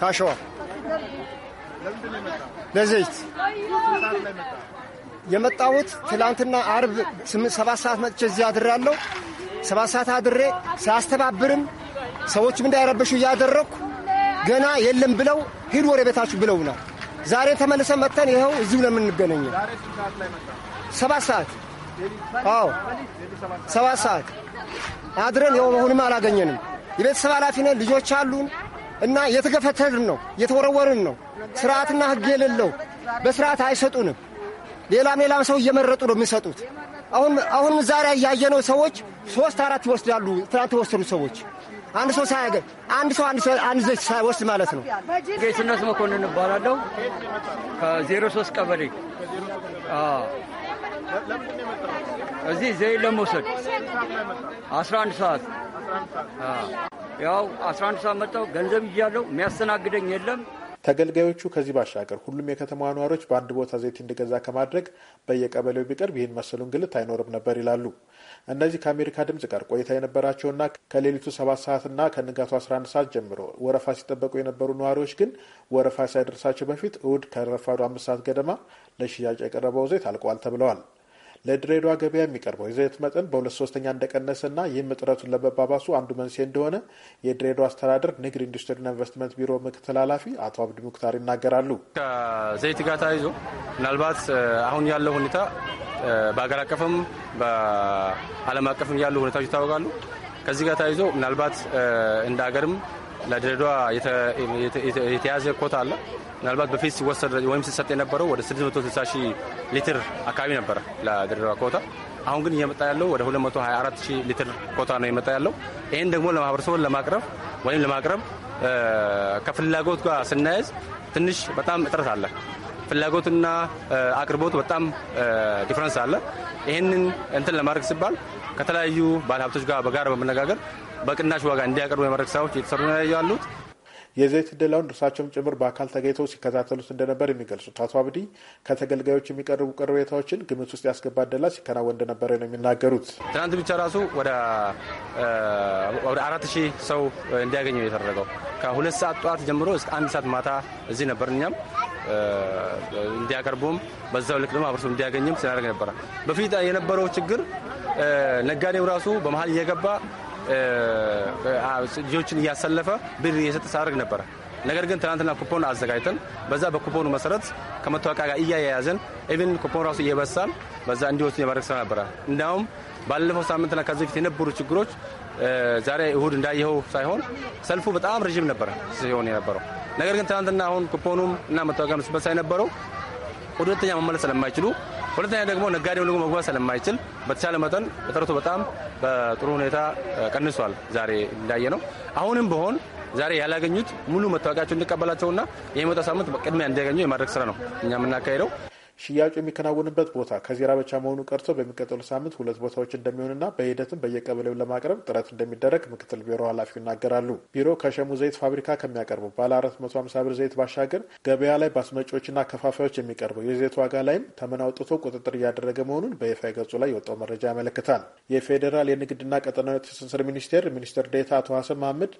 ካሸዋ ለዘይት የመጣሁት ትላንትና አርብ ሰባት ሰዓት መጥቼ እዚህ ያለው ሰባት ሰዓት አድሬ ሳያስተባብርም ሰዎችም እንዳይረብሹ እያደረግኩ ገና የለም ብለው ሂድ ወደ ቤታችሁ ብለውናል። ዛሬ ተመልሰን መጥተን ይኸው እዚሁ ነው ሰባት ሰዓት አዎ ሰባት ሰዓት አድረን ያው አሁንም አላገኘንም። የቤተሰብ ኃላፊ ነን፣ ልጆች አሉን እና የተገፈተርን ነው የተወረወርን ነው። ስርዓትና ህግ የሌለው በስርዓት አይሰጡንም። ሌላም ሌላም ሰው እየመረጡ ነው የሚሰጡት። አሁን አሁን ዛሬ ያየነው ሰዎች ሶስት አራት ይወስዳሉ። ትናንት የወሰዱ ሰዎች አንድ ሰው ሳያገ አንድ ሰው አንድ ሰው አንድ ዘች ሳይወስድ ማለት ነው። ጌትነት መኮንን እባላለሁ ከዜሮ ሶስት ቀበሌ እዚህ ዘይት ለመውሰድ 11 ሰዓት ያው 11 ሰዓት መጣሁ። ገንዘብ እያለው የሚያስተናግደኝ የለም። ተገልጋዮቹ ከዚህ ባሻገር ሁሉም የከተማዋ ነዋሪዎች በአንድ ቦታ ዘይት እንዲገዛ ከማድረግ በየቀበሌው ቢቀርብ ይህን መሰሉ እንግልት አይኖርም ነበር ይላሉ። እነዚህ ከአሜሪካ ድምጽ ጋር ቆይታ የነበራቸውና ከሌሊቱ ሰባት ሰዓትና ከንጋቱ 11 ሰዓት ጀምሮ ወረፋ ሲጠበቁ የነበሩ ነዋሪዎች ግን ወረፋ ሳይደርሳቸው በፊት እሁድ ከረፋዱ አምስት ሰዓት ገደማ ለሽያጭ የቀረበው ዘይት አልቀዋል ተብለዋል። ለድሬዳዋ ገበያ የሚቀርበው የዘይት መጠን በሁለት ሶስተኛ እንደቀነሰና ይህም እጥረቱን ለመባባሱ አንዱ መንስኤ እንደሆነ የድሬዳዋ አስተዳደር ንግድ ኢንዱስትሪና ኢንቨስትመንት ቢሮ ምክትል ኃላፊ አቶ አብድ ሙክታር ይናገራሉ። ከዘይት ጋር ተያይዞ ምናልባት አሁን ያለው ሁኔታ በሀገር አቀፍም በዓለም አቀፍም ያሉ ሁኔታዎች ይታወቃሉ። ከዚህ ጋር ተያይዞ ምናልባት እንደ ሀገርም ለድሬዳዋ የተያዘ ኮታ አለ። ምናልባት በፊት ሲወሰድ ወይም ሲሰጥ የነበረው ወደ 660 ሺህ ሊትር አካባቢ ነበረ ለድሬዳዋ ኮታ። አሁን ግን እየመጣ ያለው ወደ 224 ሺህ ሊትር ኮታ ነው የመጣ ያለው። ይህን ደግሞ ለማህበረሰቡን ለማቅረብ ወይም ለማቅረብ ከፍላጎት ጋር ስናያዝ ትንሽ በጣም እጥረት አለ። ፍላጎትና አቅርቦት በጣም ዲፍረንስ አለ። ይህንን እንትን ለማድረግ ሲባል ከተለያዩ ባለሀብቶች ጋር በጋራ በመነጋገር በቅናሽ ዋጋ እንዲያቀርቡ የማድረግ ስራዎች እየተሰሩ ነው ያሉት። የዘይት ድላውን እርሳቸውም ጭምር በአካል ተገኝተው ሲከታተሉት እንደነበር የሚገልጹት አቶ አብዲ ከተገልጋዮች የሚቀርቡ ቅሬታዎችን ግምት ውስጥ ያስገባ ደላ ሲከናወን እንደነበረ ነው የሚናገሩት። ትናንት ብቻ ራሱ ወደ አራት ሺህ ሰው እንዲያገኘው የተደረገው ከሁለት ሰዓት ጠዋት ጀምሮ እስከ አንድ ሰዓት ማታ እዚህ ነበር። እኛም እንዲያቀርቡም በዛው ልክ ደግሞ አብርሱ እንዲያገኝም ሲናደርግ ነበረ። በፊት የነበረው ችግር ነጋዴው ራሱ በመሀል እየገባ ልጆችን እያሰለፈ ብር እየሰጠ ሳደርግ ነበረ። ነገር ግን ትናንትና ኩፖን አዘጋጅተን በዛ በኩፖኑ መሰረት ከመታወቂያ ጋር እያያያዘን ኢቭን ኩፖን ራሱ እየበሳል በዛ እንዲወስድ የማድረግ ስራ ነበረ። እንዲሁም ባለፈው ሳምንትና ከዚህ በፊት የነበሩ ችግሮች ዛሬ እሁድ እንዳየኸው ሳይሆን ሰልፉ በጣም ረዥም ነበረ ሲሆን የነበረው ነገር ግን ትናንትና አሁን ኩፖኑም እና መታወቂያ የነበረው ወደ ሁለተኛ መመለስ ስለማይችሉ ሁለተኛ ደግሞ ነጋዴው ደግሞ መግባት ስለማይችል በተቻለ መጠን እጥረቱ በጣም በጥሩ ሁኔታ ቀንሷል። ዛሬ እንዳየ ነው። አሁንም በሆን ዛሬ ያላገኙት ሙሉ መታወቂያቸው እንዲቀበላቸውና የሚመጣው ሳምንት ቅድሚያ እንዲያገኙ የማድረግ ስራ ነው እኛ የምናካሄደው። ሽያጩ የሚከናወንበት ቦታ ከዜራ ብቻ መሆኑ ቀርቶ በሚቀጥሉ ሳምንት ሁለት ቦታዎች እንደሚሆንና በሂደትም በየቀበሌው ለማቅረብ ጥረት እንደሚደረግ ምክትል ቢሮ ኃላፊው ይናገራሉ። ቢሮ ከሸሙ ዘይት ፋብሪካ ከሚያቀርበው ባለ 450 ብር ዘይት ባሻገር ገበያ ላይ በአስመጪዎችና ከፋፋዮች የሚቀርበው የዘይት ዋጋ ላይም ተመን አውጥቶ ቁጥጥር እያደረገ መሆኑን በይፋ ገጹ ላይ የወጣው መረጃ ያመለክታል። የፌዴራል የንግድና ቀጠናዊ ትስስር ሚኒስቴር ሚኒስትር ዴታ አቶ ሀሰን መሀመድ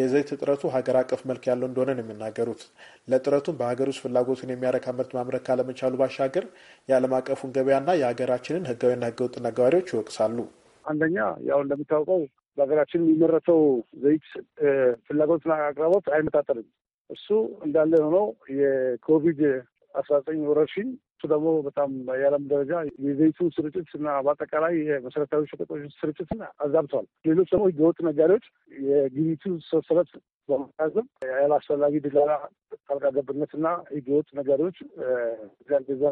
የዘይት እጥረቱ ሀገር አቀፍ መልክ ያለው እንደሆነ ነው የሚናገሩት። ለጥረቱም በሀገር ውስጥ ፍላጎቱን የሚያረካ ምርት ማምረት ካለመቻሉ ባሻገር መሻገር የዓለም አቀፉን ገበያና የሀገራችንን ህጋዊና ህገወጥ ነጋዴዎች ይወቅሳሉ። አንደኛ ያው እንደሚታወቀው በሀገራችን የሚመረተው ዘይት ፍላጎትና አቅርቦት አይመጣጠልም። እሱ እንዳለ ሆኖ የኮቪድ አስራ ዘጠኝ ወረርሽኝ እሱ ደግሞ በጣም የዓለም ደረጃ የዘይቱ ስርጭት እና በአጠቃላይ የመሰረታዊ ሸቀጦች ስርጭትን አዛብተዋል። ሌሎች ደግሞ ህገወጥ ነጋዴዎች የግኝቱ ሰብሰበት በመያዝም ያላስፈላጊ ድለላ፣ ጣልቃ ገብነትና ህገወጥ ነገሮች ዛ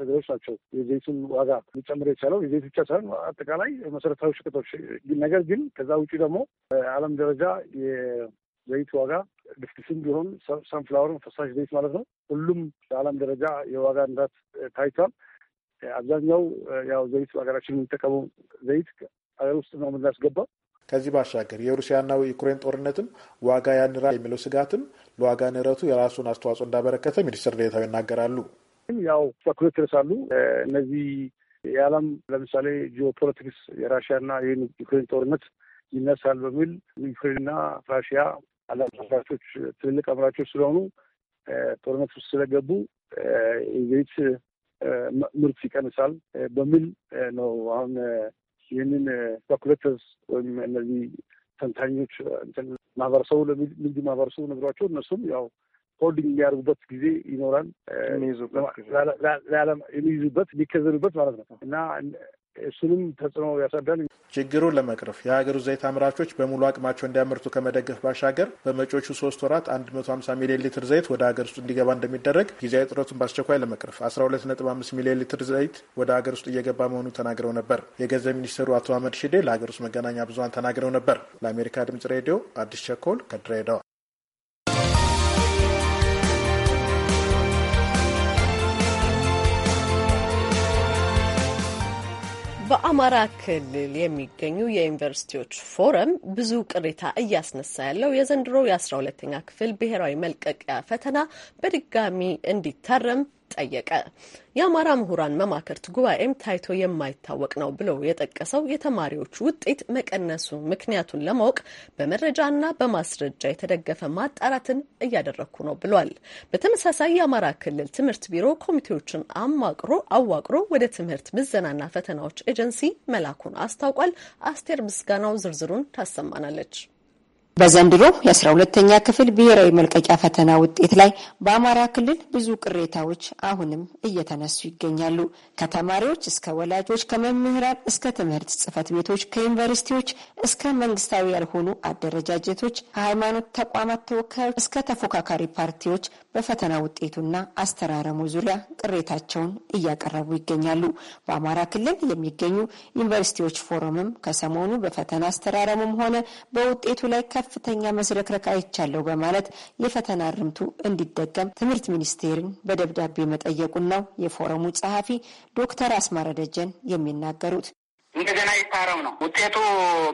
ነገሮች ናቸው የዘይቱን ዋጋ ሊጨምር የቻለው። የዘይት ብቻ ሳይሆን አጠቃላይ መሰረታዊ ሸቀጦች ነገር ግን ከዛ ውጭ ደግሞ ዓለም ደረጃ የዘይት ዋጋ ድፍድፍም ቢሆን ሰንፍላወርን ፈሳሽ ዘይት ማለት ነው። ሁሉም በዓለም ደረጃ የዋጋ ንረት ታይቷል። አብዛኛው ያው ዘይት በሀገራችን የሚጠቀመው ዘይት ሀገር ውስጥ ነው የምናስገባው። ከዚህ ባሻገር የሩሲያና ዩክሬን ጦርነትም ዋጋ ያንራ የሚለው ስጋትም ለዋጋ ንረቱ የራሱን አስተዋጽኦ እንዳበረከተ ሚኒስትር ዴኤታው ይናገራሉ። ያው ሰክሎ ይረሳሉ እነዚህ የዓለም ለምሳሌ ጂኦፖለቲክስ የራሽያና የዩክሬን ጦርነት ይነሳል በሚል ዩክሬንና ራሽያ ዓለም አምራቾች ትልልቅ አምራቾች ስለሆኑ ጦርነት ውስጥ ስለገቡ የዘይት ምርት ይቀንሳል በሚል ነው አሁን ይህንን ኳኩሌተርስ ወይም እነዚህ ተንታኞች ማህበረሰቡ ለንግድ ማህበረሰቡ ነግሯቸው እነሱም ያው ሆልዲንግ የሚያደርጉበት ጊዜ ይኖራል የሚይዙበት የሚከዘኑበት ማለት ነው እና እሱንም ተጽዕኖ ያሳዳል። ችግሩን ለመቅረፍ የሀገር ዘይት አምራቾች በሙሉ አቅማቸው እንዲያመርቱ ከመደገፍ ባሻገር በመጪዎቹ ሶስት ወራት 150 ሚሊዮን ሊትር ዘይት ወደ ሀገር ውስጥ እንዲገባ እንደሚደረግ ጊዜያዊ ጥረቱን በአስቸኳይ ለመቅረፍ 125 ሚሊዮን ሊትር ዘይት ወደ ሀገር ውስጥ እየገባ መሆኑ ተናግረው ነበር። የገንዘብ ሚኒስትሩ አቶ አህመድ ሽዴ ለሀገር ውስጥ መገናኛ ብዙሀን ተናግረው ነበር። ለአሜሪካ ድምጽ ሬዲዮ አዲስ ቸኮል ከድሬዳዋ በአማራ ክልል የሚገኙ የዩኒቨርሲቲዎች ፎረም ብዙ ቅሬታ እያስነሳ ያለው የዘንድሮ የአስራ ሁለተኛ ክፍል ብሔራዊ መልቀቂያ ፈተና በድጋሚ እንዲታረም ጠየቀ። የአማራ ምሁራን መማክርት ጉባኤም ታይቶ የማይታወቅ ነው ብሎ የጠቀሰው የተማሪዎች ውጤት መቀነሱ ምክንያቱን ለማወቅ በመረጃና በማስረጃ የተደገፈ ማጣራትን እያደረግኩ ነው ብሏል። በተመሳሳይ የአማራ ክልል ትምህርት ቢሮ ኮሚቴዎችን አማቅሮ አዋቅሮ ወደ ትምህርት ምዘናና ፈተናዎች ኤጀንሲ መላኩን አስታውቋል። አስቴር ምስጋናው ዝርዝሩን ታሰማናለች። በዘንድሮ የአስራ ሁለተኛ ክፍል ብሔራዊ መልቀቂያ ፈተና ውጤት ላይ በአማራ ክልል ብዙ ቅሬታዎች አሁንም እየተነሱ ይገኛሉ። ከተማሪዎች እስከ ወላጆች፣ ከመምህራን እስከ ትምህርት ጽህፈት ቤቶች፣ ከዩኒቨርሲቲዎች እስከ መንግስታዊ ያልሆኑ አደረጃጀቶች፣ ከሃይማኖት ተቋማት ተወካዮች እስከ ተፎካካሪ ፓርቲዎች በፈተና ውጤቱና አስተራረሙ ዙሪያ ቅሬታቸውን እያቀረቡ ይገኛሉ። በአማራ ክልል የሚገኙ ዩኒቨርሲቲዎች ፎረምም ከሰሞኑ በፈተና አስተራረሙም ሆነ በውጤቱ ላይ ከፍተኛ መዝረክረክ አይቻለሁ በማለት የፈተና እርምቱ እንዲደገም ትምህርት ሚኒስቴርን በደብዳቤ መጠየቁን ነው የፎረሙ ጸሐፊ ዶክተር አስማረ ደጀን የሚናገሩት። እንደገና ይታረም ነው ውጤቱ።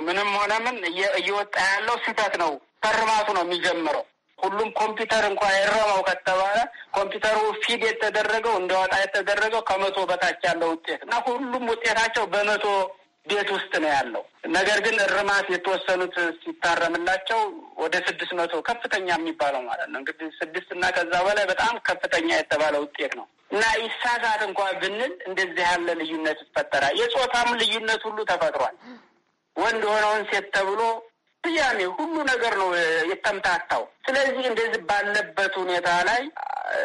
ምንም ሆነ ምን እየወጣ ያለው ስህተት ነው። ፈርማቱ ነው የሚጀምረው። ሁሉም ኮምፒውተር እንኳ የረመው ከተባለ ኮምፒውተሩ ፊድ የተደረገው እንደወጣ የተደረገው ከመቶ በታች ያለው ውጤት እና ሁሉም ውጤታቸው በመቶ ቤት ውስጥ ነው ያለው። ነገር ግን እርማት የተወሰኑት ሲታረምላቸው ወደ ስድስት መቶ ከፍተኛ የሚባለው ማለት ነው እንግዲህ ስድስት እና ከዛ በላይ በጣም ከፍተኛ የተባለ ውጤት ነው እና ይሳሳት እንኳ ብንል እንደዚህ ያለ ልዩነት ይፈጠራል። የጾታም ልዩነት ሁሉ ተፈጥሯል። ወንድ የሆነውን ሴት ተብሎ ስያሜ ሁሉ ነገር ነው የተምታታው። ስለዚህ እንደዚህ ባለበት ሁኔታ ላይ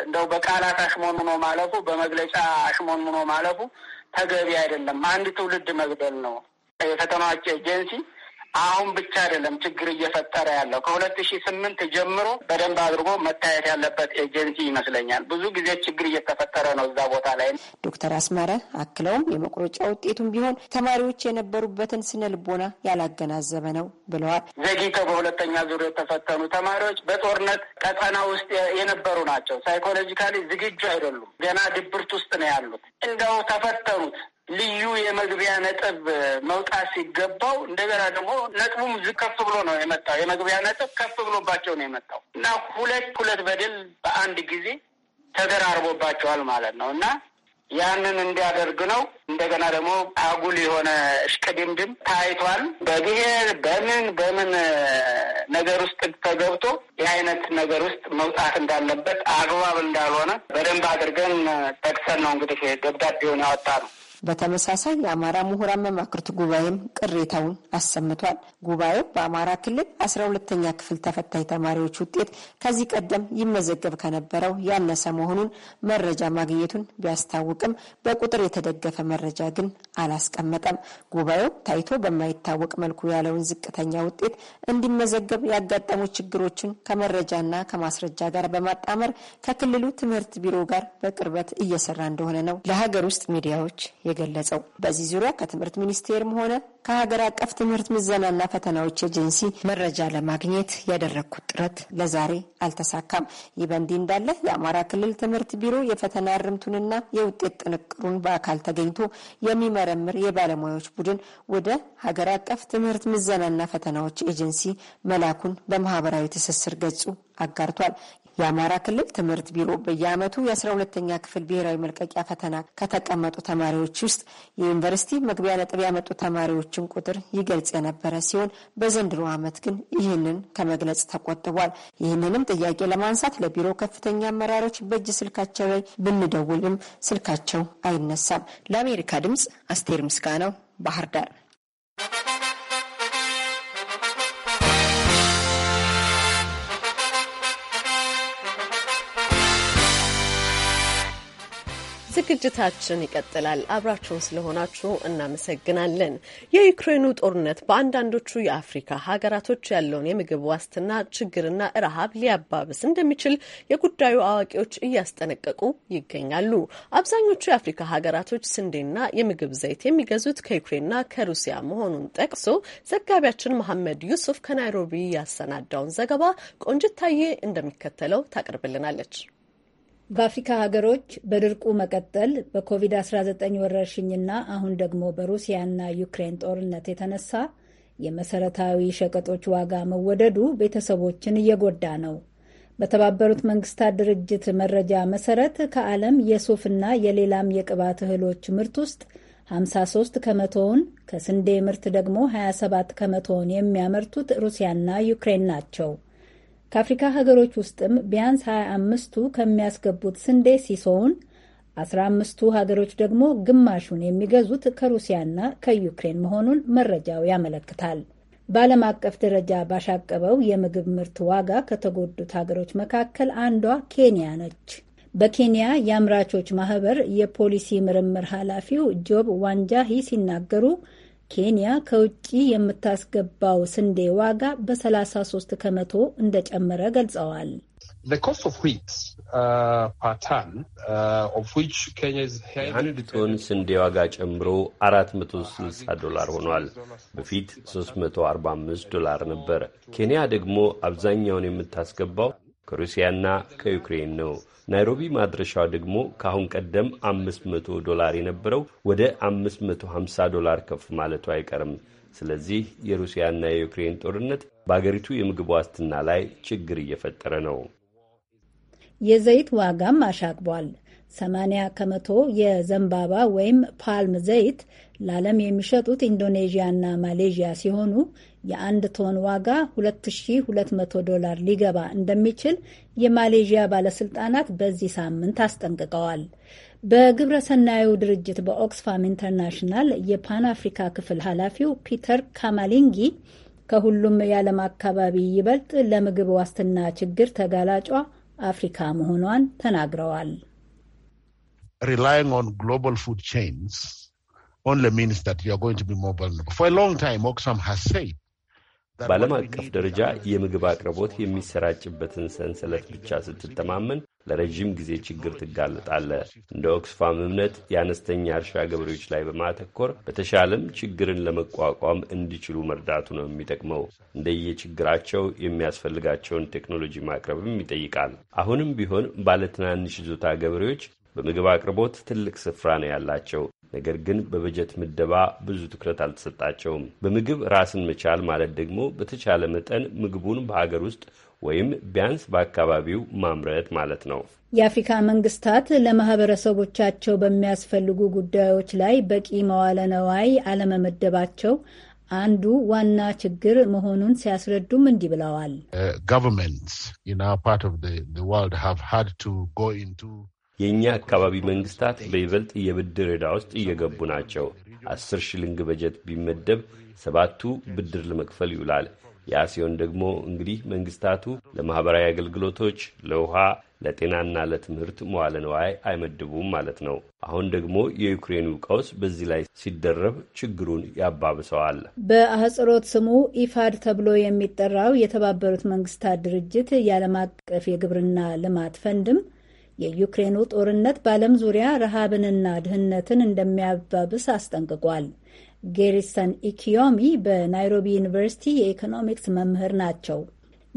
እንደው በቃላት አሽሞንሙኖ ማለፉ፣ በመግለጫ አሽሞንሙኖ ማለፉ ተገቢ አይደለም። አንድ ትውልድ መግደል ነው። የፈተናዎች ኤጀንሲ አሁን ብቻ አይደለም ችግር እየፈጠረ ያለው ከሁለት ሺህ ስምንት ጀምሮ በደንብ አድርጎ መታየት ያለበት ኤጀንሲ ይመስለኛል። ብዙ ጊዜ ችግር እየተፈጠረ ነው እዛ ቦታ ላይ። ዶክተር አስማረ አክለውም የመቁረጫ ውጤቱም ቢሆን ተማሪዎች የነበሩበትን ስነ ልቦና ያላገናዘበ ነው ብለዋል። ዘግይተው በሁለተኛ ዙር የተፈተኑ ተማሪዎች በጦርነት ቀጠና ውስጥ የነበሩ ናቸው። ሳይኮሎጂካሊ ዝግጁ አይደሉም። ገና ድብርት ውስጥ ነው ያሉት። እንደው ተፈተኑት ልዩ የመግቢያ ነጥብ መውጣት ሲገባው እንደገና ደግሞ ነጥቡም ከፍ ብሎ ነው የመጣው። የመግቢያ ነጥብ ከፍ ብሎባቸው ነው የመጣው እና ሁለት ሁለት በድል በአንድ ጊዜ ተደራርቦባቸዋል ማለት ነው እና ያንን እንዲያደርግ ነው። እንደገና ደግሞ አጉል የሆነ እሽቅድምድም ታይቷል። በብሔር በምን በምን ነገር ውስጥ ተገብቶ የአይነት ነገር ውስጥ መውጣት እንዳለበት አግባብ እንዳልሆነ በደንብ አድርገን ጠቅሰን ነው እንግዲህ ደብዳቤውን ያወጣ ነው። በተመሳሳይ የአማራ ምሁራን መማክርት ጉባኤም ቅሬታውን አሰምቷል። ጉባኤው በአማራ ክልል አስራ ሁለተኛ ክፍል ተፈታኝ ተማሪዎች ውጤት ከዚህ ቀደም ይመዘገብ ከነበረው ያነሰ መሆኑን መረጃ ማግኘቱን ቢያስታውቅም በቁጥር የተደገፈ መረጃ ግን አላስቀመጠም። ጉባኤው ታይቶ በማይታወቅ መልኩ ያለውን ዝቅተኛ ውጤት እንዲመዘገብ ያጋጠሙ ችግሮችን ከመረጃና ከማስረጃ ጋር በማጣመር ከክልሉ ትምህርት ቢሮ ጋር በቅርበት እየሰራ እንደሆነ ነው ለሀገር ውስጥ ሚዲያዎች የገለጸው። በዚህ ዙሪያ ከትምህርት ሚኒስቴርም ሆነ ከሀገር አቀፍ ትምህርት ምዘናና ፈተናዎች ኤጀንሲ መረጃ ለማግኘት ያደረግኩት ጥረት ለዛሬ አልተሳካም። ይህ በእንዲህ እንዳለ የአማራ ክልል ትምህርት ቢሮ የፈተና እርምቱንና የውጤት ጥንቅሩን በአካል ተገኝቶ የሚመረምር የባለሙያዎች ቡድን ወደ ሀገር አቀፍ ትምህርት ምዘናና ፈተናዎች ኤጀንሲ መላኩን በማህበራዊ ትስስር ገጹ አጋርቷል። የአማራ ክልል ትምህርት ቢሮ በየዓመቱ የአስራ ሁለተኛ ክፍል ብሔራዊ መልቀቂያ ፈተና ከተቀመጡ ተማሪዎች ውስጥ የዩኒቨርሲቲ መግቢያ ነጥብ ያመጡ ተማሪዎችን ቁጥር ይገልጽ የነበረ ሲሆን በዘንድሮ ዓመት ግን ይህንን ከመግለጽ ተቆጥቧል። ይህንንም ጥያቄ ለማንሳት ለቢሮ ከፍተኛ አመራሮች በእጅ ስልካቸው ላይ ብንደውልም ስልካቸው አይነሳም። ለአሜሪካ ድምጽ አስቴር ምስጋናው ባህር ዳር ዝግጅታችን ይቀጥላል። አብራችሁን ስለሆናችሁ እናመሰግናለን። የዩክሬኑ ጦርነት በአንዳንዶቹ የአፍሪካ ሀገራቶች ያለውን የምግብ ዋስትና ችግርና ረሃብ ሊያባብስ እንደሚችል የጉዳዩ አዋቂዎች እያስጠነቀቁ ይገኛሉ። አብዛኞቹ የአፍሪካ ሀገራቶች ስንዴና የምግብ ዘይት የሚገዙት ከዩክሬንና ከሩሲያ መሆኑን ጠቅሶ ዘጋቢያችን መሐመድ ዩሱፍ ከናይሮቢ ያሰናዳውን ዘገባ ቆንጅታዬ እንደሚከተለው ታቀርብልናለች። በአፍሪካ ሀገሮች በድርቁ መቀጠል በኮቪድ-19 ወረርሽኝና አሁን ደግሞ በሩሲያና ዩክሬን ጦርነት የተነሳ የመሰረታዊ ሸቀጦች ዋጋ መወደዱ ቤተሰቦችን እየጎዳ ነው። በተባበሩት መንግስታት ድርጅት መረጃ መሰረት ከዓለም የሱፍና የሌላም የቅባት እህሎች ምርት ውስጥ 53 ከመቶውን ከስንዴ ምርት ደግሞ 27 ከመቶውን የሚያመርቱት ሩሲያና ዩክሬን ናቸው። ከአፍሪካ ሀገሮች ውስጥም ቢያንስ 25ቱ ከሚያስገቡት ስንዴ ሲሶውን 15ቱ ሀገሮች ደግሞ ግማሹን የሚገዙት ከሩሲያና ከዩክሬን መሆኑን መረጃው ያመለክታል። በዓለም አቀፍ ደረጃ ባሻቀበው የምግብ ምርት ዋጋ ከተጎዱት ሀገሮች መካከል አንዷ ኬንያ ነች። በኬንያ የአምራቾች ማህበር የፖሊሲ ምርምር ኃላፊው ጆብ ዋንጃሂ ሲናገሩ ኬንያ ከውጭ የምታስገባው ስንዴ ዋጋ በ33 ከመቶ እንደጨመረ ገልጸዋል። uh, uh, የአንድ ቶን ስንዴ ዋጋ ጨምሮ 460 ዶላር ሆኗል። በፊት 345 ዶላር ነበር። ኬንያ ደግሞ አብዛኛውን የምታስገባው ከሩሲያና ከዩክሬን ነው። ናይሮቢ ማድረሻዋ ደግሞ ከአሁን ቀደም 500 ዶላር የነበረው ወደ 550 ዶላር ከፍ ማለቱ አይቀርም። ስለዚህ የሩሲያና የዩክሬን ጦርነት በአገሪቱ የምግብ ዋስትና ላይ ችግር እየፈጠረ ነው። የዘይት ዋጋም አሻቅቧል። 80 ከመቶ የዘንባባ ወይም ፓልም ዘይት ለዓለም የሚሸጡት ኢንዶኔዥያና ማሌዥያ ሲሆኑ የአንድ ቶን ዋጋ 2200 ዶላር ሊገባ እንደሚችል የማሌዥያ ባለስልጣናት በዚህ ሳምንት አስጠንቅቀዋል። በግብረ ሰናዩ ድርጅት በኦክስፋም ኢንተርናሽናል የፓን አፍሪካ ክፍል ኃላፊው ፒተር ካማሊንጊ ከሁሉም የዓለም አካባቢ ይበልጥ ለምግብ ዋስትና ችግር ተጋላጯ አፍሪካ መሆኗን ተናግረዋል። በዓለም አቀፍ ደረጃ የምግብ አቅርቦት የሚሰራጭበትን ሰንሰለት ብቻ ስትተማመን ለረዥም ጊዜ ችግር ትጋለጣለ። እንደ ኦክስፋም እምነት የአነስተኛ እርሻ ገበሬዎች ላይ በማተኮር በተሻለም ችግርን ለመቋቋም እንዲችሉ መርዳቱ ነው የሚጠቅመው። እንደየችግራቸው የሚያስፈልጋቸውን ቴክኖሎጂ ማቅረብም ይጠይቃል። አሁንም ቢሆን ባለትናንሽ ይዞታ ገበሬዎች በምግብ አቅርቦት ትልቅ ስፍራ ነው ያላቸው። ነገር ግን በበጀት ምደባ ብዙ ትኩረት አልተሰጣቸውም። በምግብ ራስን መቻል ማለት ደግሞ በተቻለ መጠን ምግቡን በሀገር ውስጥ ወይም ቢያንስ በአካባቢው ማምረት ማለት ነው። የአፍሪካ መንግስታት ለማህበረሰቦቻቸው በሚያስፈልጉ ጉዳዮች ላይ በቂ መዋለ ነዋይ አለመመደባቸው አንዱ ዋና ችግር መሆኑን ሲያስረዱም እንዲህ ብለዋል። uh, የእኛ አካባቢ መንግስታት በይበልጥ የብድር ዕዳ ውስጥ እየገቡ ናቸው። አስር ሽልንግ በጀት ቢመደብ ሰባቱ ብድር ለመክፈል ይውላል። ያ ሲሆን ደግሞ እንግዲህ መንግስታቱ ለማኅበራዊ አገልግሎቶች፣ ለውሃ፣ ለጤናና ለትምህርት መዋለ ንዋይ አይመድቡም ማለት ነው። አሁን ደግሞ የዩክሬኑ ቀውስ በዚህ ላይ ሲደረብ ችግሩን ያባብሰዋል። በአህጽሮት ስሙ ኢፋድ ተብሎ የሚጠራው የተባበሩት መንግስታት ድርጅት የዓለም አቀፍ የግብርና ልማት ፈንድም የዩክሬኑ ጦርነት በዓለም ዙሪያ ረሃብንና ድህነትን እንደሚያባብስ አስጠንቅቋል። ጌሪሰን ኢኪዮሚ በናይሮቢ ዩኒቨርሲቲ የኢኮኖሚክስ መምህር ናቸው።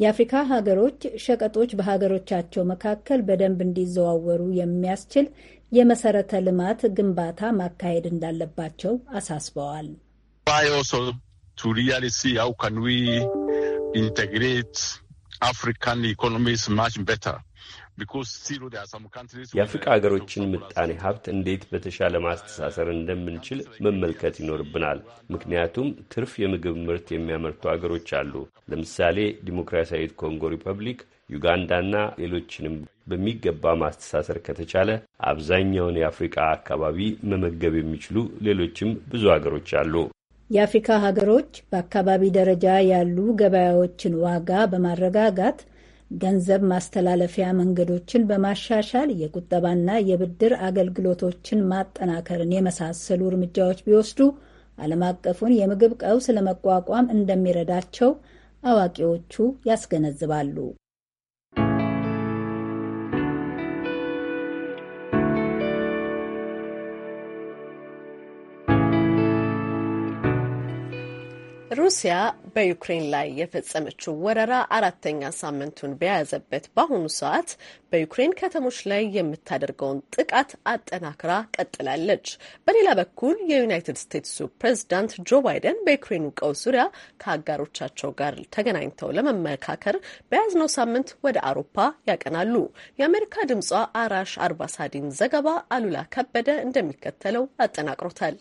የአፍሪካ ሀገሮች ሸቀጦች በሀገሮቻቸው መካከል በደንብ እንዲዘዋወሩ የሚያስችል የመሰረተ ልማት ግንባታ ማካሄድ እንዳለባቸው አሳስበዋል። ኢንቴግሬት አፍሪካን ኢኮኖሚስ ማች ቤተር የአፍሪቃ ሀገሮችን ምጣኔ ሀብት እንዴት በተሻለ ማስተሳሰር እንደምንችል መመልከት ይኖርብናል። ምክንያቱም ትርፍ የምግብ ምርት የሚያመርቱ ሀገሮች አሉ። ለምሳሌ ዲሞክራሲያዊት ኮንጎ ሪፐብሊክ፣ ዩጋንዳና ሌሎችንም በሚገባ ማስተሳሰር ከተቻለ አብዛኛውን የአፍሪቃ አካባቢ መመገብ የሚችሉ ሌሎችም ብዙ ሀገሮች አሉ። የአፍሪካ ሀገሮች በአካባቢ ደረጃ ያሉ ገበያዎችን ዋጋ በማረጋጋት ገንዘብ ማስተላለፊያ መንገዶችን በማሻሻል የቁጠባና የብድር አገልግሎቶችን ማጠናከርን የመሳሰሉ እርምጃዎች ቢወስዱ ዓለም አቀፉን የምግብ ቀውስ ለመቋቋም እንደሚረዳቸው አዋቂዎቹ ያስገነዝባሉ። ሩሲያ በዩክሬን ላይ የፈጸመችው ወረራ አራተኛ ሳምንቱን በያዘበት በአሁኑ ሰዓት በዩክሬን ከተሞች ላይ የምታደርገውን ጥቃት አጠናክራ ቀጥላለች። በሌላ በኩል የዩናይትድ ስቴትሱ ፕሬዝዳንት ጆ ባይደን በዩክሬኑ ቀውስ ዙሪያ ከአጋሮቻቸው ጋር ተገናኝተው ለመመካከር በያዝነው ሳምንት ወደ አውሮፓ ያቀናሉ። የአሜሪካ ድምጿ አራሽ አርባሳዲን ዘገባ አሉላ ከበደ እንደሚከተለው አጠናቅሮታል።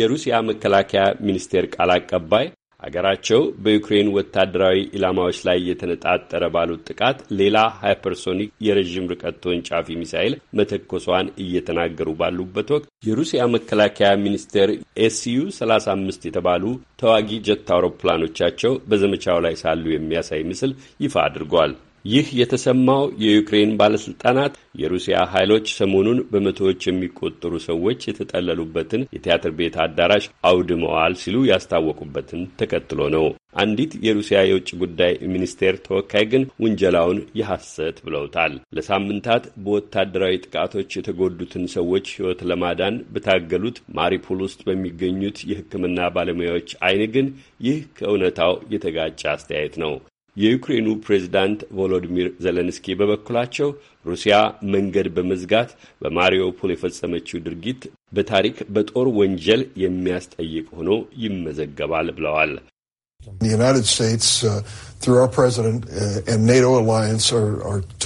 የሩሲያ መከላከያ ሚኒስቴር ቃል አቀባይ አገራቸው በዩክሬን ወታደራዊ ኢላማዎች ላይ የተነጣጠረ ባሉት ጥቃት ሌላ ሃይፐርሶኒክ የረዥም ርቀት ተወንጫፊ ሚሳይል መተኮሷን እየተናገሩ ባሉበት ወቅት የሩሲያ መከላከያ ሚኒስቴር ኤስዩ 35 የተባሉ ተዋጊ ጀት አውሮፕላኖቻቸው በዘመቻው ላይ ሳሉ የሚያሳይ ምስል ይፋ አድርጓል። ይህ የተሰማው የዩክሬን ባለስልጣናት የሩሲያ ኃይሎች ሰሞኑን በመቶዎች የሚቆጠሩ ሰዎች የተጠለሉበትን የቲያትር ቤት አዳራሽ አውድመዋል ሲሉ ያስታወቁበትን ተከትሎ ነው። አንዲት የሩሲያ የውጭ ጉዳይ ሚኒስቴር ተወካይ ግን ውንጀላውን የሐሰት ብለውታል። ለሳምንታት በወታደራዊ ጥቃቶች የተጎዱትን ሰዎች ሕይወት ለማዳን በታገሉት ማሪፑል ውስጥ በሚገኙት የሕክምና ባለሙያዎች ዓይን ግን ይህ ከእውነታው የተጋጨ አስተያየት ነው። የዩክሬኑ ፕሬዚዳንት ቮሎዲሚር ዘለንስኪ በበኩላቸው ሩሲያ መንገድ በመዝጋት በማሪዮፖል የፈጸመችው ድርጊት በታሪክ በጦር ወንጀል የሚያስጠይቅ ሆኖ ይመዘገባል ብለዋል። uh,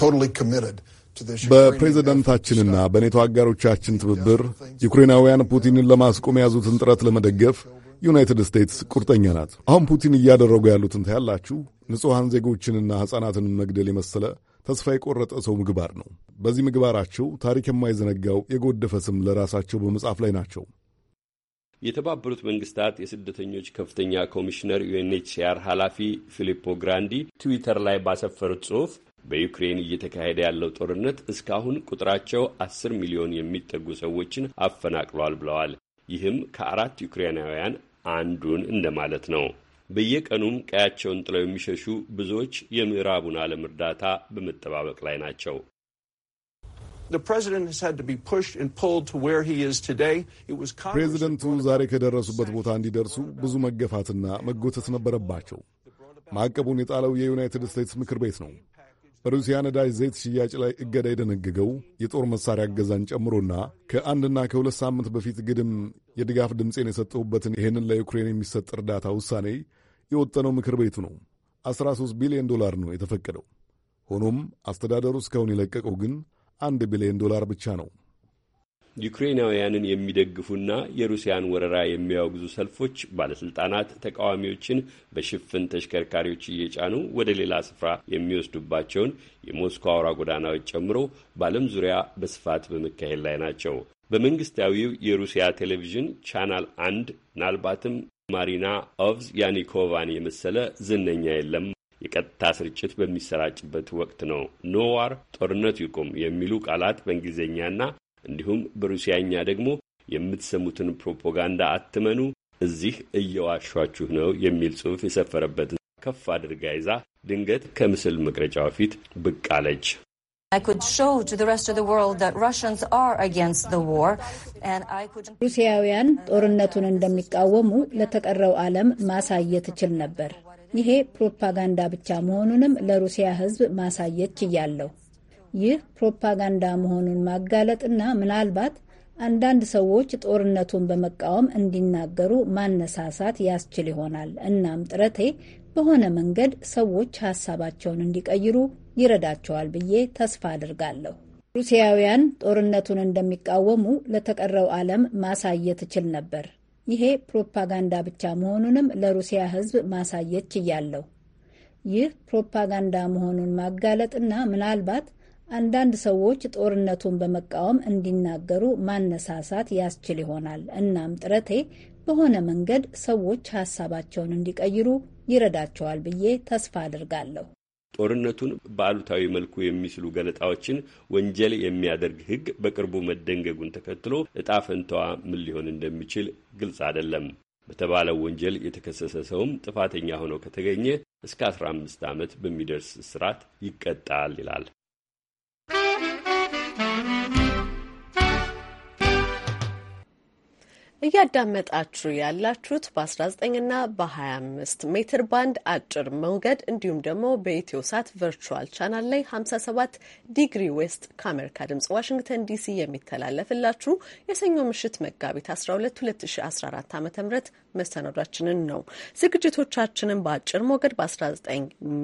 uh, በፕሬዝደንታችንና በኔቶ አጋሮቻችን ትብብር ዩክሬናውያን ፑቲንን ለማስቆም የያዙትን ጥረት ለመደገፍ ዩናይትድ ስቴትስ ቁርጠኛ ናት። አሁን ፑቲን እያደረጉ ያሉትን ታያላችሁ። ንጹሐን ዜጎችንና ሕፃናትን መግደል የመሰለ ተስፋ የቆረጠ ሰው ምግባር ነው። በዚህ ምግባራቸው ታሪክ የማይዘነጋው የጎደፈ ስም ለራሳቸው በመጻፍ ላይ ናቸው። የተባበሩት መንግስታት የስደተኞች ከፍተኛ ኮሚሽነር ዩኤንኤችሲአር ኃላፊ ፊሊፖ ግራንዲ ትዊተር ላይ ባሰፈሩት ጽሑፍ በዩክሬን እየተካሄደ ያለው ጦርነት እስካሁን ቁጥራቸው አስር ሚሊዮን የሚጠጉ ሰዎችን አፈናቅሏል ብለዋል። ይህም ከአራት ዩክሬናውያን አንዱን እንደማለት ነው። በየቀኑም ቀያቸውን ጥለው የሚሸሹ ብዙዎች የምዕራቡን ዓለም እርዳታ በመጠባበቅ ላይ ናቸው። ፕሬዚደንቱ ዛሬ ከደረሱበት ቦታ እንዲደርሱ ብዙ መገፋትና መጎተት ነበረባቸው። ማዕቀቡን የጣለው የዩናይትድ ስቴትስ ምክር ቤት ነው። ሩሲያ ነዳጅ ዘይት ሽያጭ ላይ እገዳ የደነገገው የጦር መሳሪያ እገዛን ጨምሮና ከአንድና ከሁለት ሳምንት በፊት ግድም የድጋፍ ድምፄን የሰጠሁበትን ይህንን ለዩክሬን የሚሰጥ እርዳታ ውሳኔ የወጠነው ምክር ቤቱ ነው። 13 ቢሊዮን ዶላር ነው የተፈቀደው። ሆኖም አስተዳደሩ እስካሁን የለቀቀው ግን አንድ ቢሊዮን ዶላር ብቻ ነው። ዩክሬናውያንን የሚደግፉና የሩሲያን ወረራ የሚያወግዙ ሰልፎች ባለስልጣናት ተቃዋሚዎችን በሽፍን ተሽከርካሪዎች እየጫኑ ወደ ሌላ ስፍራ የሚወስዱባቸውን የሞስኮ አውራ ጎዳናዎች ጨምሮ በዓለም ዙሪያ በስፋት በመካሄድ ላይ ናቸው። በመንግስታዊው የሩሲያ ቴሌቪዥን ቻናል አንድ ምናልባትም ማሪና ኦቭዝ ያኒኮቫን የመሰለ ዝነኛ የለም። የቀጥታ ስርጭት በሚሰራጭበት ወቅት ነው። ኖዋር ጦርነት ይቁም የሚሉ ቃላት በእንግሊዝኛና እንዲሁም በሩሲያኛ ደግሞ የምትሰሙትን ፕሮፓጋንዳ አትመኑ፣ እዚህ እየዋሿችሁ ነው የሚል ጽሑፍ የሰፈረበትን ከፍ አድርጋ ይዛ ድንገት ከምስል መቅረጫው ፊት ብቅ አለች። ሩሲያውያን ጦርነቱን እንደሚቃወሙ ለተቀረው ዓለም ማሳየት እችል ነበር። ይሄ ፕሮፓጋንዳ ብቻ መሆኑንም ለሩሲያ ሕዝብ ማሳየት ችያለሁ። ይህ ፕሮፓጋንዳ መሆኑን ማጋለጥና ምናልባት አንዳንድ ሰዎች ጦርነቱን በመቃወም እንዲናገሩ ማነሳሳት ያስችል ይሆናል። እናም ጥረቴ በሆነ መንገድ ሰዎች ሀሳባቸውን እንዲቀይሩ ይረዳቸዋል ብዬ ተስፋ አድርጋለሁ። ሩሲያውያን ጦርነቱን እንደሚቃወሙ ለተቀረው ዓለም ማሳየት እችል ነበር። ይሄ ፕሮፓጋንዳ ብቻ መሆኑንም ለሩሲያ ሕዝብ ማሳየት ችያለሁ። ይህ ፕሮፓጋንዳ መሆኑን ማጋለጥና ምናልባት አንዳንድ ሰዎች ጦርነቱን በመቃወም እንዲናገሩ ማነሳሳት ያስችል ይሆናል። እናም ጥረቴ በሆነ መንገድ ሰዎች ሀሳባቸውን እንዲቀይሩ ይረዳቸዋል ብዬ ተስፋ አድርጋለሁ። ጦርነቱን በአሉታዊ መልኩ የሚስሉ ገለጣዎችን ወንጀል የሚያደርግ ሕግ በቅርቡ መደንገጉን ተከትሎ እጣ ፈንታዋ ምን ሊሆን እንደሚችል ግልጽ አይደለም። በተባለው ወንጀል የተከሰሰ ሰውም ጥፋተኛ ሆኖ ከተገኘ እስከ 15 ዓመት በሚደርስ እስራት ይቀጣል ይላል እያዳመጣችሁ ያላችሁት በ19 ና በ25 ሜትር ባንድ አጭር ሞገድ እንዲሁም ደግሞ በኢትዮ ሳት ቨርቹዋል ቻናል ላይ 57 ዲግሪ ዌስት ከአሜሪካ ድምጽ ዋሽንግተን ዲሲ የሚተላለፍላችሁ የሰኞ ምሽት መጋቢት 12 2014 ዓ ም መሰናዷችንን ነው። ዝግጅቶቻችንን በአጭር ሞገድ በ19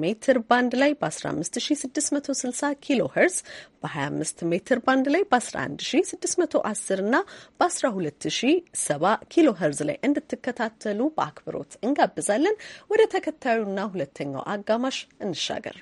ሜትር ባንድ ላይ በ15660 ኪሎ ሄርዝ በ25 ሜትር ባንድ ላይ በ11610 እና በ12 7 ኪሎ ሄርዝ ላይ እንድትከታተሉ በአክብሮት እንጋብዛለን። ወደ ተከታዩና ሁለተኛው አጋማሽ እንሻገር።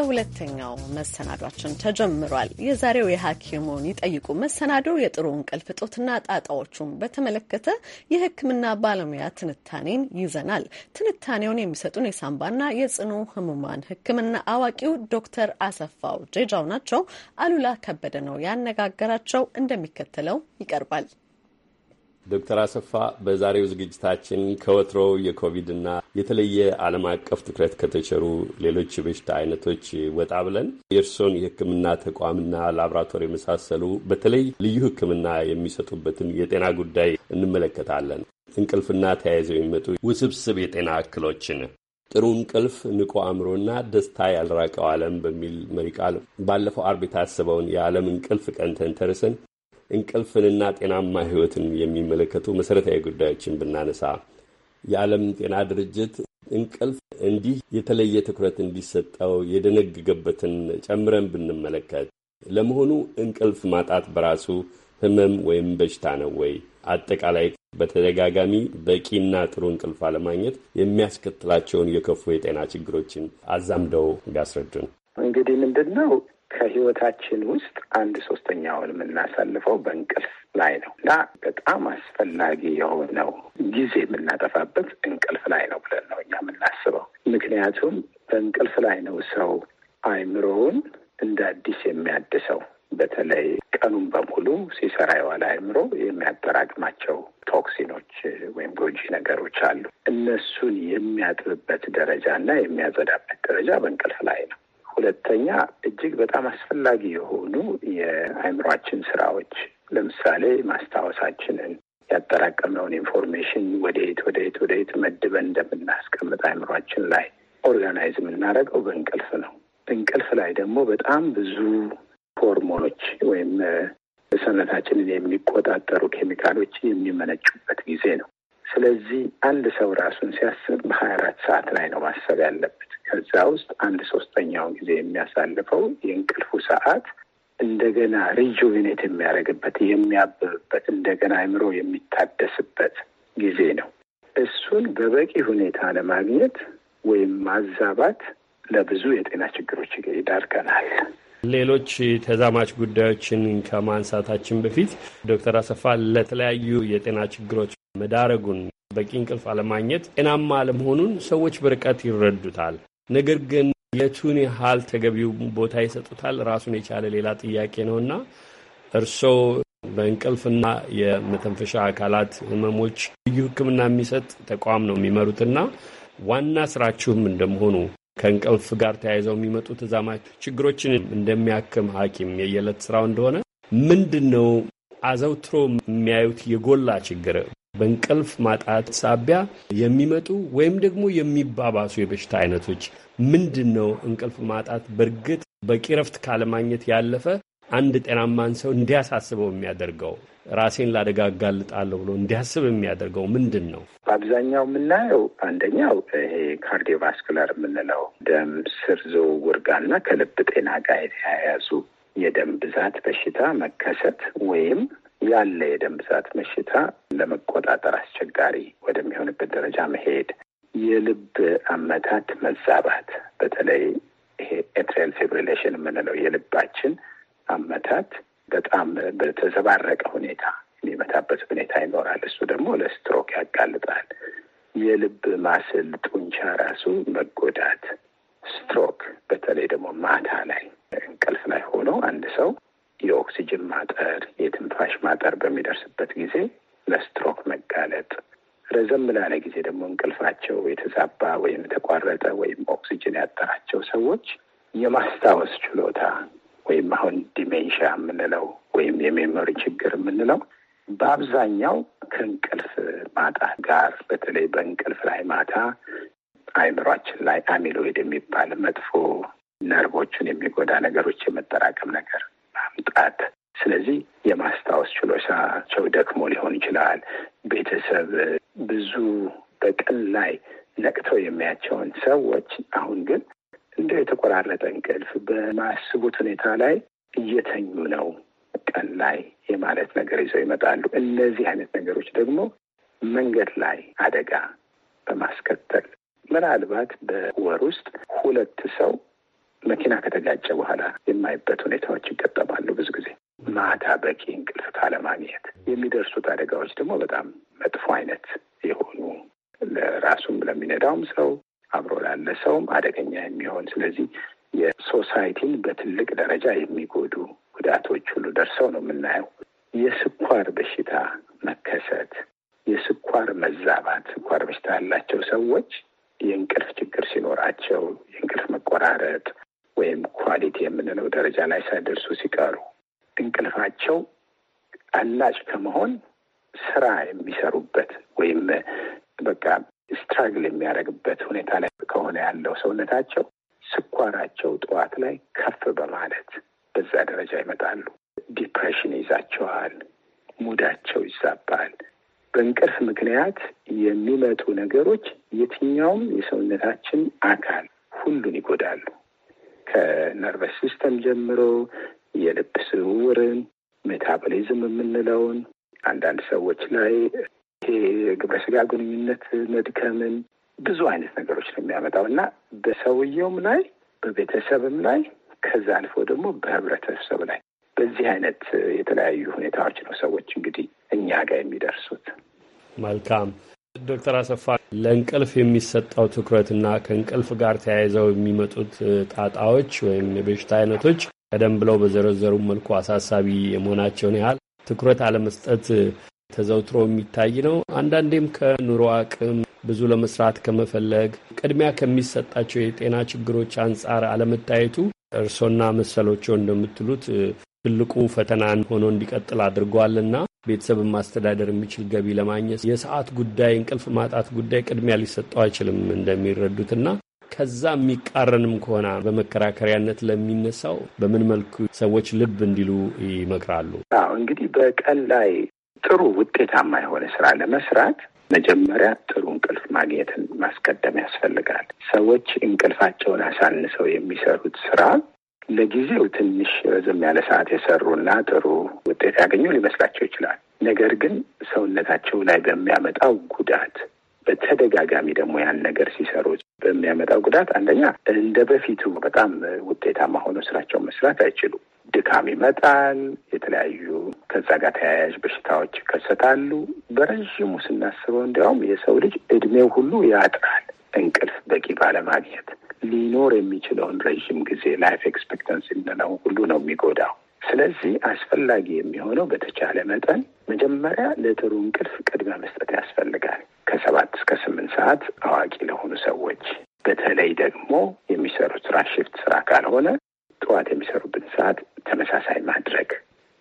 የሁለተኛው መሰናዷችን ተጀምሯል። የዛሬው የሐኪሙን ይጠይቁ መሰናዶ የጥሩ እንቅልፍ እጦትና ጣጣዎቹን በተመለከተ የሕክምና ባለሙያ ትንታኔን ይዘናል። ትንታኔውን የሚሰጡን የሳምባና የጽኑ ህሙማን ሕክምና አዋቂው ዶክተር አሰፋው ጄጃው ናቸው። አሉላ ከበደ ነው ያነጋገራቸው። እንደሚከተለው ይቀርባል። ዶክተር አሰፋ በዛሬው ዝግጅታችን ከወትሮው የኮቪድና የተለየ ዓለም አቀፍ ትኩረት ከተቸሩ ሌሎች የበሽታ አይነቶች ወጣ ብለን የእርሶን የሕክምና ተቋምና ላብራቶሪ የመሳሰሉ በተለይ ልዩ ሕክምና የሚሰጡበትን የጤና ጉዳይ እንመለከታለን። እንቅልፍና ተያይዘው የሚመጡ ውስብስብ የጤና እክሎችን ጥሩ እንቅልፍ፣ ንቁ አእምሮና ደስታ ያልራቀው ዓለም በሚል መሪ ቃል ባለፈው አርብ የታሰበውን የዓለም እንቅልፍ ቀን ተንተርሰን እንቅልፍንና ጤናማ ህይወትን የሚመለከቱ መሰረታዊ ጉዳዮችን ብናነሳ የዓለም ጤና ድርጅት እንቅልፍ እንዲህ የተለየ ትኩረት እንዲሰጠው የደነገገበትን ጨምረን ብንመለከት፣ ለመሆኑ እንቅልፍ ማጣት በራሱ ህመም ወይም በሽታ ነው ወይ? አጠቃላይ በተደጋጋሚ በቂና ጥሩ እንቅልፍ አለማግኘት የሚያስከትላቸውን የከፉ የጤና ችግሮችን አዛምደው ያስረዱን። እንግዲህ ምንድን ነው ከህይወታችን ውስጥ አንድ ሶስተኛውን የምናሳልፈው በእንቅልፍ ላይ ነው እና በጣም አስፈላጊ የሆነው ጊዜ የምናጠፋበት እንቅልፍ ላይ ነው ብለን ነው እኛ የምናስበው። ምክንያቱም በእንቅልፍ ላይ ነው ሰው አእምሮውን እንደ አዲስ የሚያድሰው። በተለይ ቀኑን በሙሉ ሲሰራ የዋለ አይምሮ የሚያጠራቅማቸው ቶክሲኖች ወይም ጎጂ ነገሮች አሉ። እነሱን የሚያጥብበት ደረጃ እና የሚያጸዳበት ደረጃ በእንቅልፍ ላይ ነው። ሁለተኛ እጅግ በጣም አስፈላጊ የሆኑ የአእምሯችን ስራዎች ለምሳሌ ማስታወሳችንን ያጠራቀምነውን ኢንፎርሜሽን ወደየት ወደየት ወደየት መድበን እንደምናስቀምጥ አእምሯችን ላይ ኦርጋናይዝ የምናደርገው በእንቅልፍ ነው። እንቅልፍ ላይ ደግሞ በጣም ብዙ ሆርሞኖች ወይም ሰውነታችንን የሚቆጣጠሩ ኬሚካሎች የሚመነጩበት ጊዜ ነው። ስለዚህ አንድ ሰው ራሱን ሲያስብ በሀያ አራት ሰዓት ላይ ነው ማሰብ ያለበት። ከዛ ውስጥ አንድ ሶስተኛውን ጊዜ የሚያሳልፈው የእንቅልፉ ሰዓት እንደገና ሪጁቬኔት የሚያደርግበት የሚያብብበት፣ እንደገና አይምሮ የሚታደስበት ጊዜ ነው። እሱን በበቂ ሁኔታ ለማግኘት ወይም ማዛባት ለብዙ የጤና ችግሮች ይዳርገናል። ሌሎች ተዛማች ጉዳዮችን ከማንሳታችን በፊት ዶክተር አሰፋ ለተለያዩ የጤና ችግሮች መዳረጉን በቂ እንቅልፍ አለማግኘት ጤናማ አለመሆኑን ሰዎች በርቀት ይረዱታል። ነገር ግን የቱን ያህል ተገቢው ቦታ ይሰጡታል ራሱን የቻለ ሌላ ጥያቄ ነውና እርስዎ በእንቅልፍና የመተንፈሻ አካላት ህመሞች ልዩ ሕክምና የሚሰጥ ተቋም ነው የሚመሩትና ዋና ስራችሁም እንደመሆኑ ከእንቅልፍ ጋር ተያይዘው የሚመጡ ተዛማች ችግሮችን እንደሚያክም ሐኪም የየዕለት ስራው እንደሆነ ምንድን ነው አዘውትሮ የሚያዩት የጎላ ችግር በእንቅልፍ ማጣት ሳቢያ የሚመጡ ወይም ደግሞ የሚባባሱ የበሽታ አይነቶች ምንድን ነው? እንቅልፍ ማጣት በእርግጥ በቂ ረፍት ካለማግኘት ያለፈ አንድ ጤናማን ሰው እንዲያሳስበው የሚያደርገው ራሴን ላደጋ አጋልጣለሁ ብሎ እንዲያስብ የሚያደርገው ምንድን ነው? በአብዛኛው የምናየው አንደኛው ይሄ ካርዲዮቫስኩላር የምንለው ደም ስር ዝውውር ጋርና ከልብ ጤና ጋር የተያያዙ የደም ብዛት በሽታ መከሰት ወይም ያለ የደም ብዛት መሽታ ለመቆጣጠር አስቸጋሪ ወደሚሆንበት ደረጃ መሄድ፣ የልብ አመታት መዛባት፣ በተለይ ይሄ ኤትሪያል ፊብሪሌሽን የምንለው የልባችን አመታት በጣም በተዘባረቀ ሁኔታ የሚመታበት ሁኔታ ይኖራል። እሱ ደግሞ ለስትሮክ ያጋልጣል። የልብ ማስል ጡንቻ ራሱ መጎዳት፣ ስትሮክ በተለይ ደግሞ ማታ ላይ እንቅልፍ ላይ ሆኖ አንድ ሰው የኦክሲጅን ማጠር፣ የትንፋሽ ማጠር በሚደርስበት ጊዜ ለስትሮክ መጋለጥ ረዘም ላለ ጊዜ ደግሞ እንቅልፋቸው የተዛባ ወይም የተቋረጠ ወይም ኦክሲጅን ያጠራቸው ሰዎች የማስታወስ ችሎታ ወይም አሁን ዲሜንሻ የምንለው ወይም የሜሞሪ ችግር የምንለው በአብዛኛው ከእንቅልፍ ማጣት ጋር በተለይ በእንቅልፍ ላይ ማታ አይምሯችን ላይ አሚሎይድ የሚባል መጥፎ ነርቮችን የሚጎዳ ነገሮች የመጠራቀም ነገር ማምጣት ስለዚህ የማስታወስ ችሎታቸው ደክሞ ሊሆን ይችላል። ቤተሰብ ብዙ በቀን ላይ ነቅተው የሚያቸውን ሰዎች አሁን ግን እንደ የተቆራረጠ እንቅልፍ በማስቡት ሁኔታ ላይ እየተኙ ነው ቀን ላይ የማለት ነገር ይዘው ይመጣሉ። እነዚህ አይነት ነገሮች ደግሞ መንገድ ላይ አደጋ በማስከተል ምናልባት በወር ውስጥ ሁለት ሰው መኪና ከተጋጨ በኋላ የማይበት ሁኔታዎች ይገጠማሉ። ብዙ ጊዜ ማታ በቂ እንቅልፍ ካለማግኘት የሚደርሱት አደጋዎች ደግሞ በጣም መጥፎ አይነት የሆኑ ለራሱም ለሚነዳውም ሰው አብሮ ላለ ሰውም አደገኛ የሚሆን ስለዚህ የሶሳይቲን በትልቅ ደረጃ የሚጎዱ ጉዳቶች ሁሉ ደርሰው ነው የምናየው። የስኳር በሽታ መከሰት፣ የስኳር መዛባት፣ ስኳር በሽታ ያላቸው ሰዎች የእንቅልፍ ችግር ሲኖራቸው የእንቅልፍ መቆራረጥ፣ ወይም ኳሊቲ የምንለው ደረጃ ላይ ሳይደርሱ ሲቀሩ እንቅልፋቸው አላጭ ከመሆን ስራ የሚሰሩበት ወይም በቃ ስትራግል የሚያደርግበት ሁኔታ ላይ ከሆነ ያለው ሰውነታቸው ስኳራቸው ጠዋት ላይ ከፍ በማለት በዛ ደረጃ ይመጣሉ። ዲፕሬሽን ይዛቸዋል። ሙዳቸው ይዛባል። በእንቅልፍ ምክንያት የሚመጡ ነገሮች የትኛውም የሰውነታችን አካል ሁሉን ይጎዳሉ። ከነርቨስ ሲስተም ጀምሮ የልብ ስውርን ሜታቦሊዝም የምንለውን አንዳንድ ሰዎች ላይ ይሄ የግብረ ስጋ ግንኙነት መድከምን ብዙ አይነት ነገሮች ነው የሚያመጣው እና በሰውየውም ላይ በቤተሰብም ላይ ከዛ አልፎ ደግሞ በህብረተሰብ ላይ በዚህ አይነት የተለያዩ ሁኔታዎች ነው ሰዎች እንግዲህ እኛ ጋር የሚደርሱት። መልካም ዶክተር አሰፋ ለእንቅልፍ የሚሰጠው ትኩረትና ከእንቅልፍ ጋር ተያይዘው የሚመጡት ጣጣዎች ወይም የበሽታ አይነቶች ቀደም ብለው በዘረዘሩ መልኩ አሳሳቢ የመሆናቸውን ያህል ትኩረት አለመስጠት ተዘውትሮ የሚታይ ነው። አንዳንዴም ከኑሮ አቅም ብዙ ለመስራት ከመፈለግ ቅድሚያ ከሚሰጣቸው የጤና ችግሮች አንጻር አለመታየቱ እርሶና መሰሎቸው እንደምትሉት ትልቁ ፈተናን ሆኖ እንዲቀጥል አድርጓልና ቤተሰብን ማስተዳደር የሚችል ገቢ ለማግኘት የሰዓት ጉዳይ፣ እንቅልፍ ማጣት ጉዳይ ቅድሚያ ሊሰጠው አይችልም እንደሚረዱትና ከዛ የሚቃረንም ከሆነ በመከራከሪያነት ለሚነሳው በምን መልኩ ሰዎች ልብ እንዲሉ ይመክራሉ? አዎ እንግዲህ በቀን ላይ ጥሩ ውጤታማ የሆነ ስራ ለመስራት መጀመሪያ ጥሩ እንቅልፍ ማግኘትን ማስቀደም ያስፈልጋል። ሰዎች እንቅልፋቸውን አሳንሰው የሚሰሩት ስራ ለጊዜው ትንሽ ረዘም ያለ ሰዓት የሰሩና ጥሩ ውጤት ያገኙ ሊመስላቸው ይችላል። ነገር ግን ሰውነታቸው ላይ በሚያመጣው ጉዳት በተደጋጋሚ ደግሞ ያን ነገር ሲሰሩ በሚያመጣው ጉዳት አንደኛ እንደ በፊቱ በጣም ውጤታማ ሆኖ ስራቸው መስራት አይችሉም። ድካም ይመጣል። የተለያዩ ከዛ ጋር ተያያዥ በሽታዎች ይከሰታሉ። በረዥሙ ስናስበው እንዲያውም የሰው ልጅ እድሜው ሁሉ ያጥራል። እንቅልፍ በቂ ባለማግኘት ሊኖር የሚችለውን ረዥም ጊዜ ላይፍ ኤክስፔክተንስ የምንለው ሁሉ ነው የሚጎዳው። ስለዚህ አስፈላጊ የሚሆነው በተቻለ መጠን መጀመሪያ ለጥሩ እንቅልፍ ቅድሚያ መስጠት ያስፈልጋል። ከሰባት እስከ ስምንት ሰዓት አዋቂ ለሆኑ ሰዎች፣ በተለይ ደግሞ የሚሰሩት ስራ ሽፍት ስራ ካልሆነ ጠዋት የሚሰሩብን ሰዓት ተመሳሳይ ማድረግ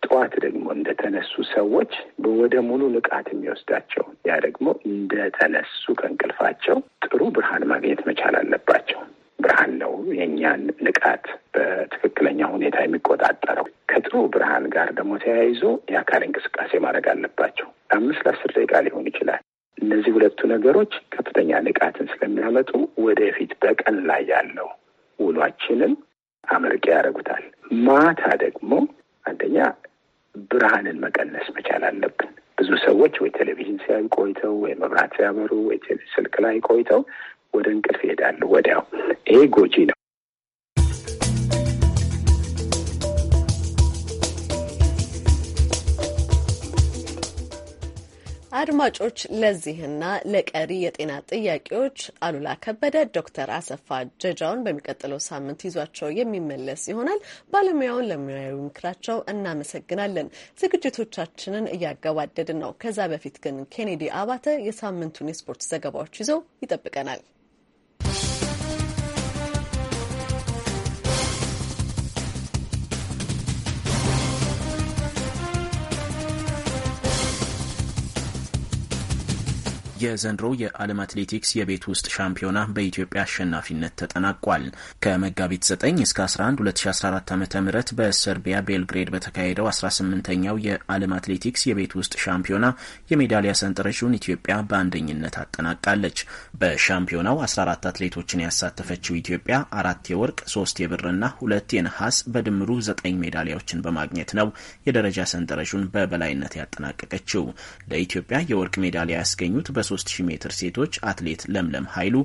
ጠዋት ደግሞ እንደተነሱ ሰዎች ወደ ሙሉ ንቃት የሚወስዳቸው ያ ደግሞ እንደተነሱ ከእንቅልፋቸው ጥሩ ብርሃን ማግኘት መቻል አለባቸው። ብርሃን ነው የእኛን ንቃት በትክክለኛ ሁኔታ የሚቆጣጠረው። ከጥሩ ብርሃን ጋር ደግሞ ተያይዞ የአካል እንቅስቃሴ ማድረግ አለባቸው። አምስት ለአስር ደቂቃ ሊሆን ይችላል። እነዚህ ሁለቱ ነገሮች ከፍተኛ ንቃትን ስለሚያመጡ ወደፊት በቀን ላይ ያለው ውሏችንን አመርቂ ያደርጉታል። ማታ ደግሞ አንደኛ ብርሃንን መቀነስ መቻል አለብን። ብዙ ሰዎች ወይ ቴሌቪዥን ሲያዩ ቆይተው ወይ መብራት ሲያበሩ ወይ ስልክ ላይ ቆይተው ወደ እንቅልፍ ይሄዳሉ ወዲያው። ይሄ ጎጂ ነው። አድማጮች ለዚህና ለቀሪ የጤና ጥያቄዎች አሉላ ከበደ ዶክተር አሰፋ ጀጃውን በሚቀጥለው ሳምንት ይዟቸው የሚመለስ ይሆናል። ባለሙያውን ለሙያዊ ምክራቸው እናመሰግናለን። ዝግጅቶቻችንን እያገባደድን ነው። ከዛ በፊት ግን ኬኔዲ አባተ የሳምንቱን የስፖርት ዘገባዎች ይዘው ይጠብቀናል። የዘንድሮ የዓለም አትሌቲክስ የቤት ውስጥ ሻምፒዮና በኢትዮጵያ አሸናፊነት ተጠናቋል። ከመጋቢት 9 እስከ 11 2014 ዓ ም በሰርቢያ ቤልግሬድ በተካሄደው 18ኛው የዓለም አትሌቲክስ የቤት ውስጥ ሻምፒዮና የሜዳሊያ ሰንጠረዡን ኢትዮጵያ በአንደኝነት አጠናቃለች። በሻምፒዮናው 14 አትሌቶችን ያሳተፈችው ኢትዮጵያ አራት የወርቅ፣ ሶስት የብርና ሁለት የነሐስ በድምሩ ዘጠኝ ሜዳሊያዎችን በማግኘት ነው የደረጃ ሰንጠረዡን በበላይነት ያጠናቀቀችው። ለኢትዮጵያ የወርቅ ሜዳሊያ ያስገኙት በ በ ሜትር ሴቶች አትሌት ለምለም ኃይሉ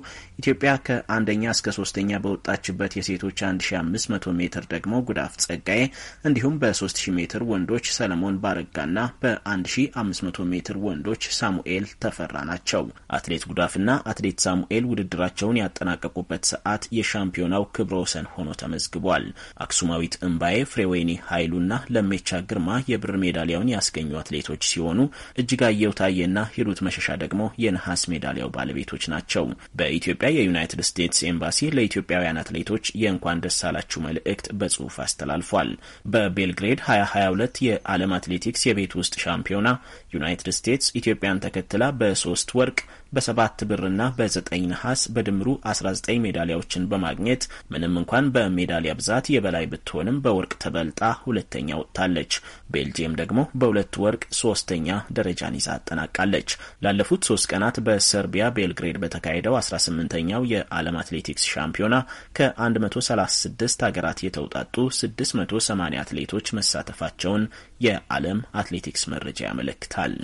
ኢትዮጵያ ከአንደኛ እስከ ሶስተኛ በወጣችበት የሴቶች 1500 ሜትር ደግሞ ጉዳፍ ጸጋዬ እንዲሁም በ3000 ሜትር ወንዶች ሰለሞን ባረጋና በ1500 ሜትር ወንዶች ሳሙኤል ተፈራ ናቸው። አትሌት ጉዳፍና አትሌት ሳሙኤል ውድድራቸውን ያጠናቀቁበት ሰዓት የሻምፒዮናው ክብረ ወሰን ሆኖ ተመዝግቧል። አክሱማዊት እምባዬ፣ ፍሬወይኒ ኃይሉና ለሜቻ ግርማ የብር ሜዳሊያውን ያስገኙ አትሌቶች ሲሆኑ እጅጋየሁ ታዬና ሂሩት መሸሻ ደግሞ የነሐስ ሜዳሊያው ባለቤቶች ናቸው። በኢትዮጵያ የዩናይትድ ስቴትስ ኤምባሲ ለኢትዮጵያውያን አትሌቶች የእንኳን ደስ አላችሁ መልእክት በጽሑፍ አስተላልፏል። በቤልግሬድ 2022 የዓለም አትሌቲክስ የቤት ውስጥ ሻምፒዮና ዩናይትድ ስቴትስ ኢትዮጵያን ተከትላ በሶስት ወርቅ በሰባት ብርና በዘጠኝ ነሐስ በድምሩ 19 ሜዳሊያዎችን በማግኘት ምንም እንኳን በሜዳሊያ ብዛት የበላይ ብትሆንም በወርቅ ተበልጣ ሁለተኛ ወጥታለች። ቤልጅየም ደግሞ በሁለት ወርቅ ሶስተኛ ደረጃን ይዛ አጠናቃለች። ላለፉት ሶስት ቀናት በሰርቢያ ቤልግሬድ በተካሄደው 18ኛው የዓለም አትሌቲክስ ሻምፒዮና ከ136 ሀገራት የተውጣጡ 680 አትሌቶች መሳተፋቸውን የዓለም አትሌቲክስ መረጃ ያመለክታል።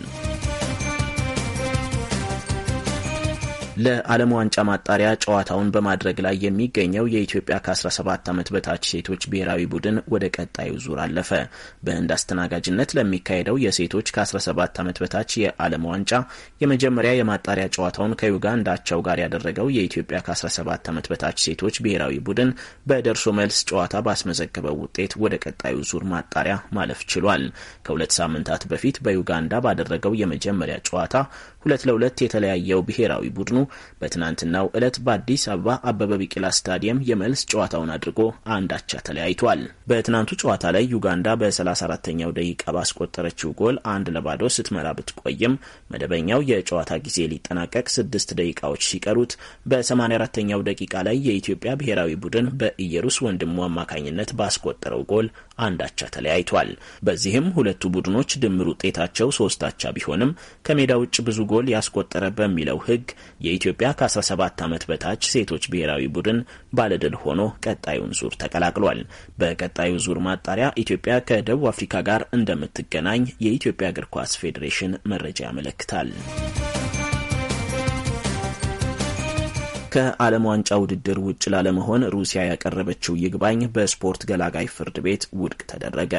ለዓለም ዋንጫ ማጣሪያ ጨዋታውን በማድረግ ላይ የሚገኘው የኢትዮጵያ ከ17 ዓመት በታች ሴቶች ብሔራዊ ቡድን ወደ ቀጣዩ ዙር አለፈ። በህንድ አስተናጋጅነት ለሚካሄደው የሴቶች ከ17 ዓመት በታች የዓለም ዋንጫ የመጀመሪያ የማጣሪያ ጨዋታውን ከዩጋንዳቸው ጋር ያደረገው የኢትዮጵያ ከ17 ዓመት በታች ሴቶች ብሔራዊ ቡድን በደርሶ መልስ ጨዋታ ባስመዘገበው ውጤት ወደ ቀጣዩ ዙር ማጣሪያ ማለፍ ችሏል። ከሁለት ሳምንታት በፊት በዩጋንዳ ባደረገው የመጀመሪያ ጨዋታ ሁለት ለሁለት የተለያየው ብሔራዊ ቡድኑ በትናንትናው ዕለት በአዲስ አበባ አበበ ቢቂላ ስታዲየም የመልስ ጨዋታውን አድርጎ አንዳቻ ተለያይቷል። በትናንቱ ጨዋታ ላይ ዩጋንዳ በ 34 ተኛው ደቂቃ ባስቆጠረችው ጎል አንድ ለባዶ ስትመራ ብትቆይም መደበኛው የጨዋታ ጊዜ ሊጠናቀቅ ስድስት ደቂቃዎች ሲቀሩት በ84ኛው ደቂቃ ላይ የኢትዮጵያ ብሔራዊ ቡድን በኢየሩስ ወንድሙ አማካኝነት ባስቆጠረው ጎል አንዳቻ ተለያይቷል። በዚህም ሁለቱ ቡድኖች ድምር ውጤታቸው ሶስታቻ ቢሆንም ከሜዳ ውጭ ብዙ ጎል ያስቆጠረ በሚለው ህግ የኢትዮጵያ ከ17 ዓመት በታች ሴቶች ብሔራዊ ቡድን ባለድል ሆኖ ቀጣዩን ዙር ተቀላቅሏል። በቀጣዩ ዙር ማጣሪያ ኢትዮጵያ ከደቡብ አፍሪካ ጋር እንደምትገናኝ የኢትዮጵያ እግር ኳስ ፌዴሬሽን መረጃ ያመለክታል። ከዓለም ዋንጫ ውድድር ውጭ ላለመሆን ሩሲያ ያቀረበችው ይግባኝ በስፖርት ገላጋይ ፍርድ ቤት ውድቅ ተደረገ።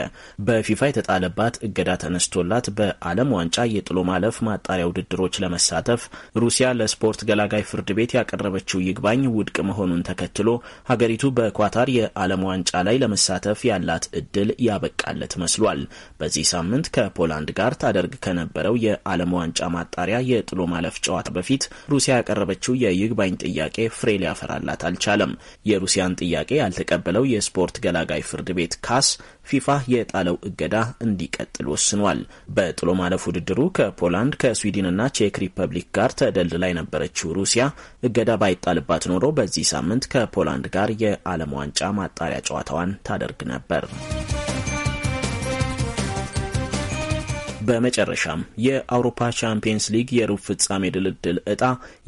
በፊፋ የተጣለባት እገዳ ተነስቶላት በዓለም ዋንጫ የጥሎ ማለፍ ማጣሪያ ውድድሮች ለመሳተፍ ሩሲያ ለስፖርት ገላጋይ ፍርድ ቤት ያቀረበችው ይግባኝ ውድቅ መሆኑን ተከትሎ ሀገሪቱ በኳታር የዓለም ዋንጫ ላይ ለመሳተፍ ያላት እድል ያበቃለት መስሏል። በዚህ ሳምንት ከፖላንድ ጋር ታደርግ ከነበረው የዓለም ዋንጫ ማጣሪያ የጥሎ ማለፍ ጨዋታ በፊት ሩሲያ ያቀረበችው የይግባኝ ጥያቄ ጥያቄ ፍሬ ሊያፈራላት አልቻለም። የሩሲያን ጥያቄ ያልተቀበለው የስፖርት ገላጋይ ፍርድ ቤት ካስ ፊፋ የጣለው እገዳ እንዲቀጥል ወስኗል። በጥሎ ማለፍ ውድድሩ ከፖላንድ ከስዊድንና ቼክ ሪፐብሊክ ጋር ተደልድላ የነበረችው ሩሲያ እገዳ ባይጣልባት ኖሮ በዚህ ሳምንት ከፖላንድ ጋር የዓለም ዋንጫ ማጣሪያ ጨዋታዋን ታደርግ ነበር። በመጨረሻም የአውሮፓ ቻምፒየንስ ሊግ የሩብ ፍጻሜ ድልድል እጣ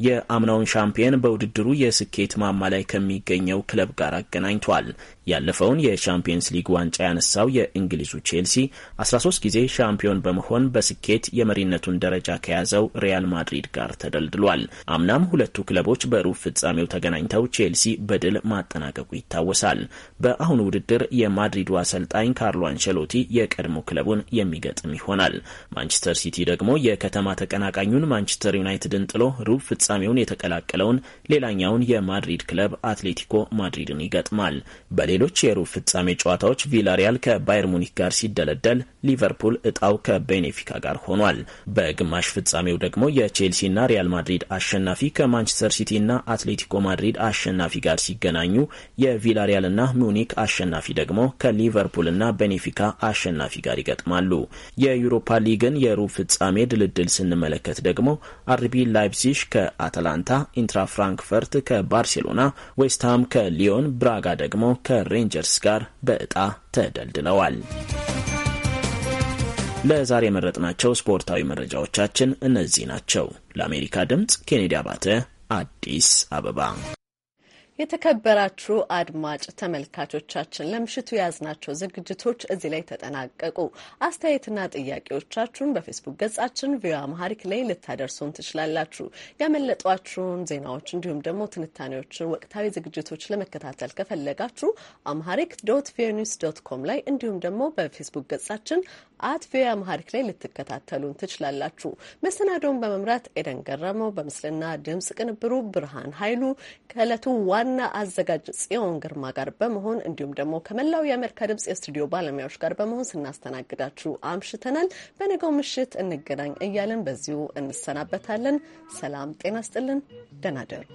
የአምናውን ሻምፒየን በውድድሩ የስኬት ማማ ላይ ከሚገኘው ክለብ ጋር አገናኝቷል። ያለፈውን የሻምፒየንስ ሊግ ዋንጫ ያነሳው የእንግሊዙ ቼልሲ 13 ጊዜ ሻምፒዮን በመሆን በስኬት የመሪነቱን ደረጃ ከያዘው ሪያል ማድሪድ ጋር ተደልድሏል። አምናም ሁለቱ ክለቦች በሩብ ፍጻሜው ተገናኝተው ቼልሲ በድል ማጠናቀቁ ይታወሳል። በአሁኑ ውድድር የማድሪዱ አሰልጣኝ ካርሎ አንቸሎቲ የቀድሞ ክለቡን የሚገጥም ይሆናል። ማንቸስተር ሲቲ ደግሞ የከተማ ተቀናቃኙን ማንቸስተር ዩናይትድን ጥሎ ሩብ ፍጻሜውን የተቀላቀለውን ሌላኛውን የማድሪድ ክለብ አትሌቲኮ ማድሪድን ይገጥማል። በሌሎች የሩብ ፍጻሜ ጨዋታዎች ቪላሪያል ከባየር ሙኒክ ጋር ሲደለደል፣ ሊቨርፑል እጣው ከቤኔፊካ ጋር ሆኗል። በግማሽ ፍጻሜው ደግሞ የቼልሲና ሪያል ማድሪድ አሸናፊ ከማንቸስተር ሲቲና አትሌቲኮ ማድሪድ አሸናፊ ጋር ሲገናኙ፣ የቪላሪያልና ሙኒክ አሸናፊ ደግሞ ከሊቨርፑልና ቤኔፊካ አሸናፊ ጋር ይገጥማሉ። የዩሮፓ ሊግን የሩብ ፍጻሜ ድልድል ስንመለከት ደግሞ አርቢ ላይፕዚሽ ከአትላንታ፣ ኢንትራ ፍራንክፈርት ከባርሴሎና፣ ዌስትሃም ከሊዮን፣ ብራጋ ደግሞ ከ ከሬንጀርስ ጋር በዕጣ ተደልድለዋል። ለዛሬ የመረጥናቸው ስፖርታዊ መረጃዎቻችን እነዚህ ናቸው። ለአሜሪካ ድምፅ ኬኔዲ አባተ አዲስ አበባ የተከበራችሁ አድማጭ ተመልካቾቻችን ለምሽቱ የያዝናቸው ዝግጅቶች እዚህ ላይ ተጠናቀቁ። አስተያየትና ጥያቄዎቻችሁን በፌስቡክ ገጻችን ቪኦኤ አማሃሪክ ላይ ልታደርሱን ትችላላችሁ። ያመለጧችሁን ዜናዎች እንዲሁም ደግሞ ትንታኔዎችን፣ ወቅታዊ ዝግጅቶች ለመከታተል ከፈለጋችሁ አማሃሪክ ዶት ቪኦኤ ኒውስ ዶት ኮም ላይ እንዲሁም ደግሞ በፌስቡክ ገጻችን አት ቪኦኤ አማሃሪክ ላይ ልትከታተሉን ትችላላችሁ። መሰናዶውን በመምራት ኤደን ገረመው፣ በምስልና ድምጽ ቅንብሩ ብርሃን ኃይሉ ከእለቱ ዋ ዋና አዘጋጅ ጽዮን ግርማ ጋር በመሆን እንዲሁም ደግሞ ከመላው የአሜሪካ ድምጽ የስቱዲዮ ባለሙያዎች ጋር በመሆን ስናስተናግዳችሁ አምሽተናል። በነገው ምሽት እንገናኝ እያለን በዚሁ እንሰናበታለን። ሰላም ጤና ስጥልን። ደህና ደሩ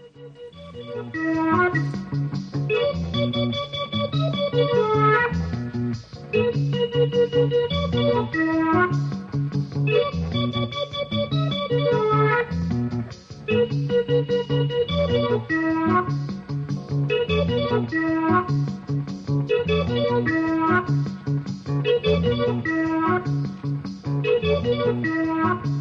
Thank you.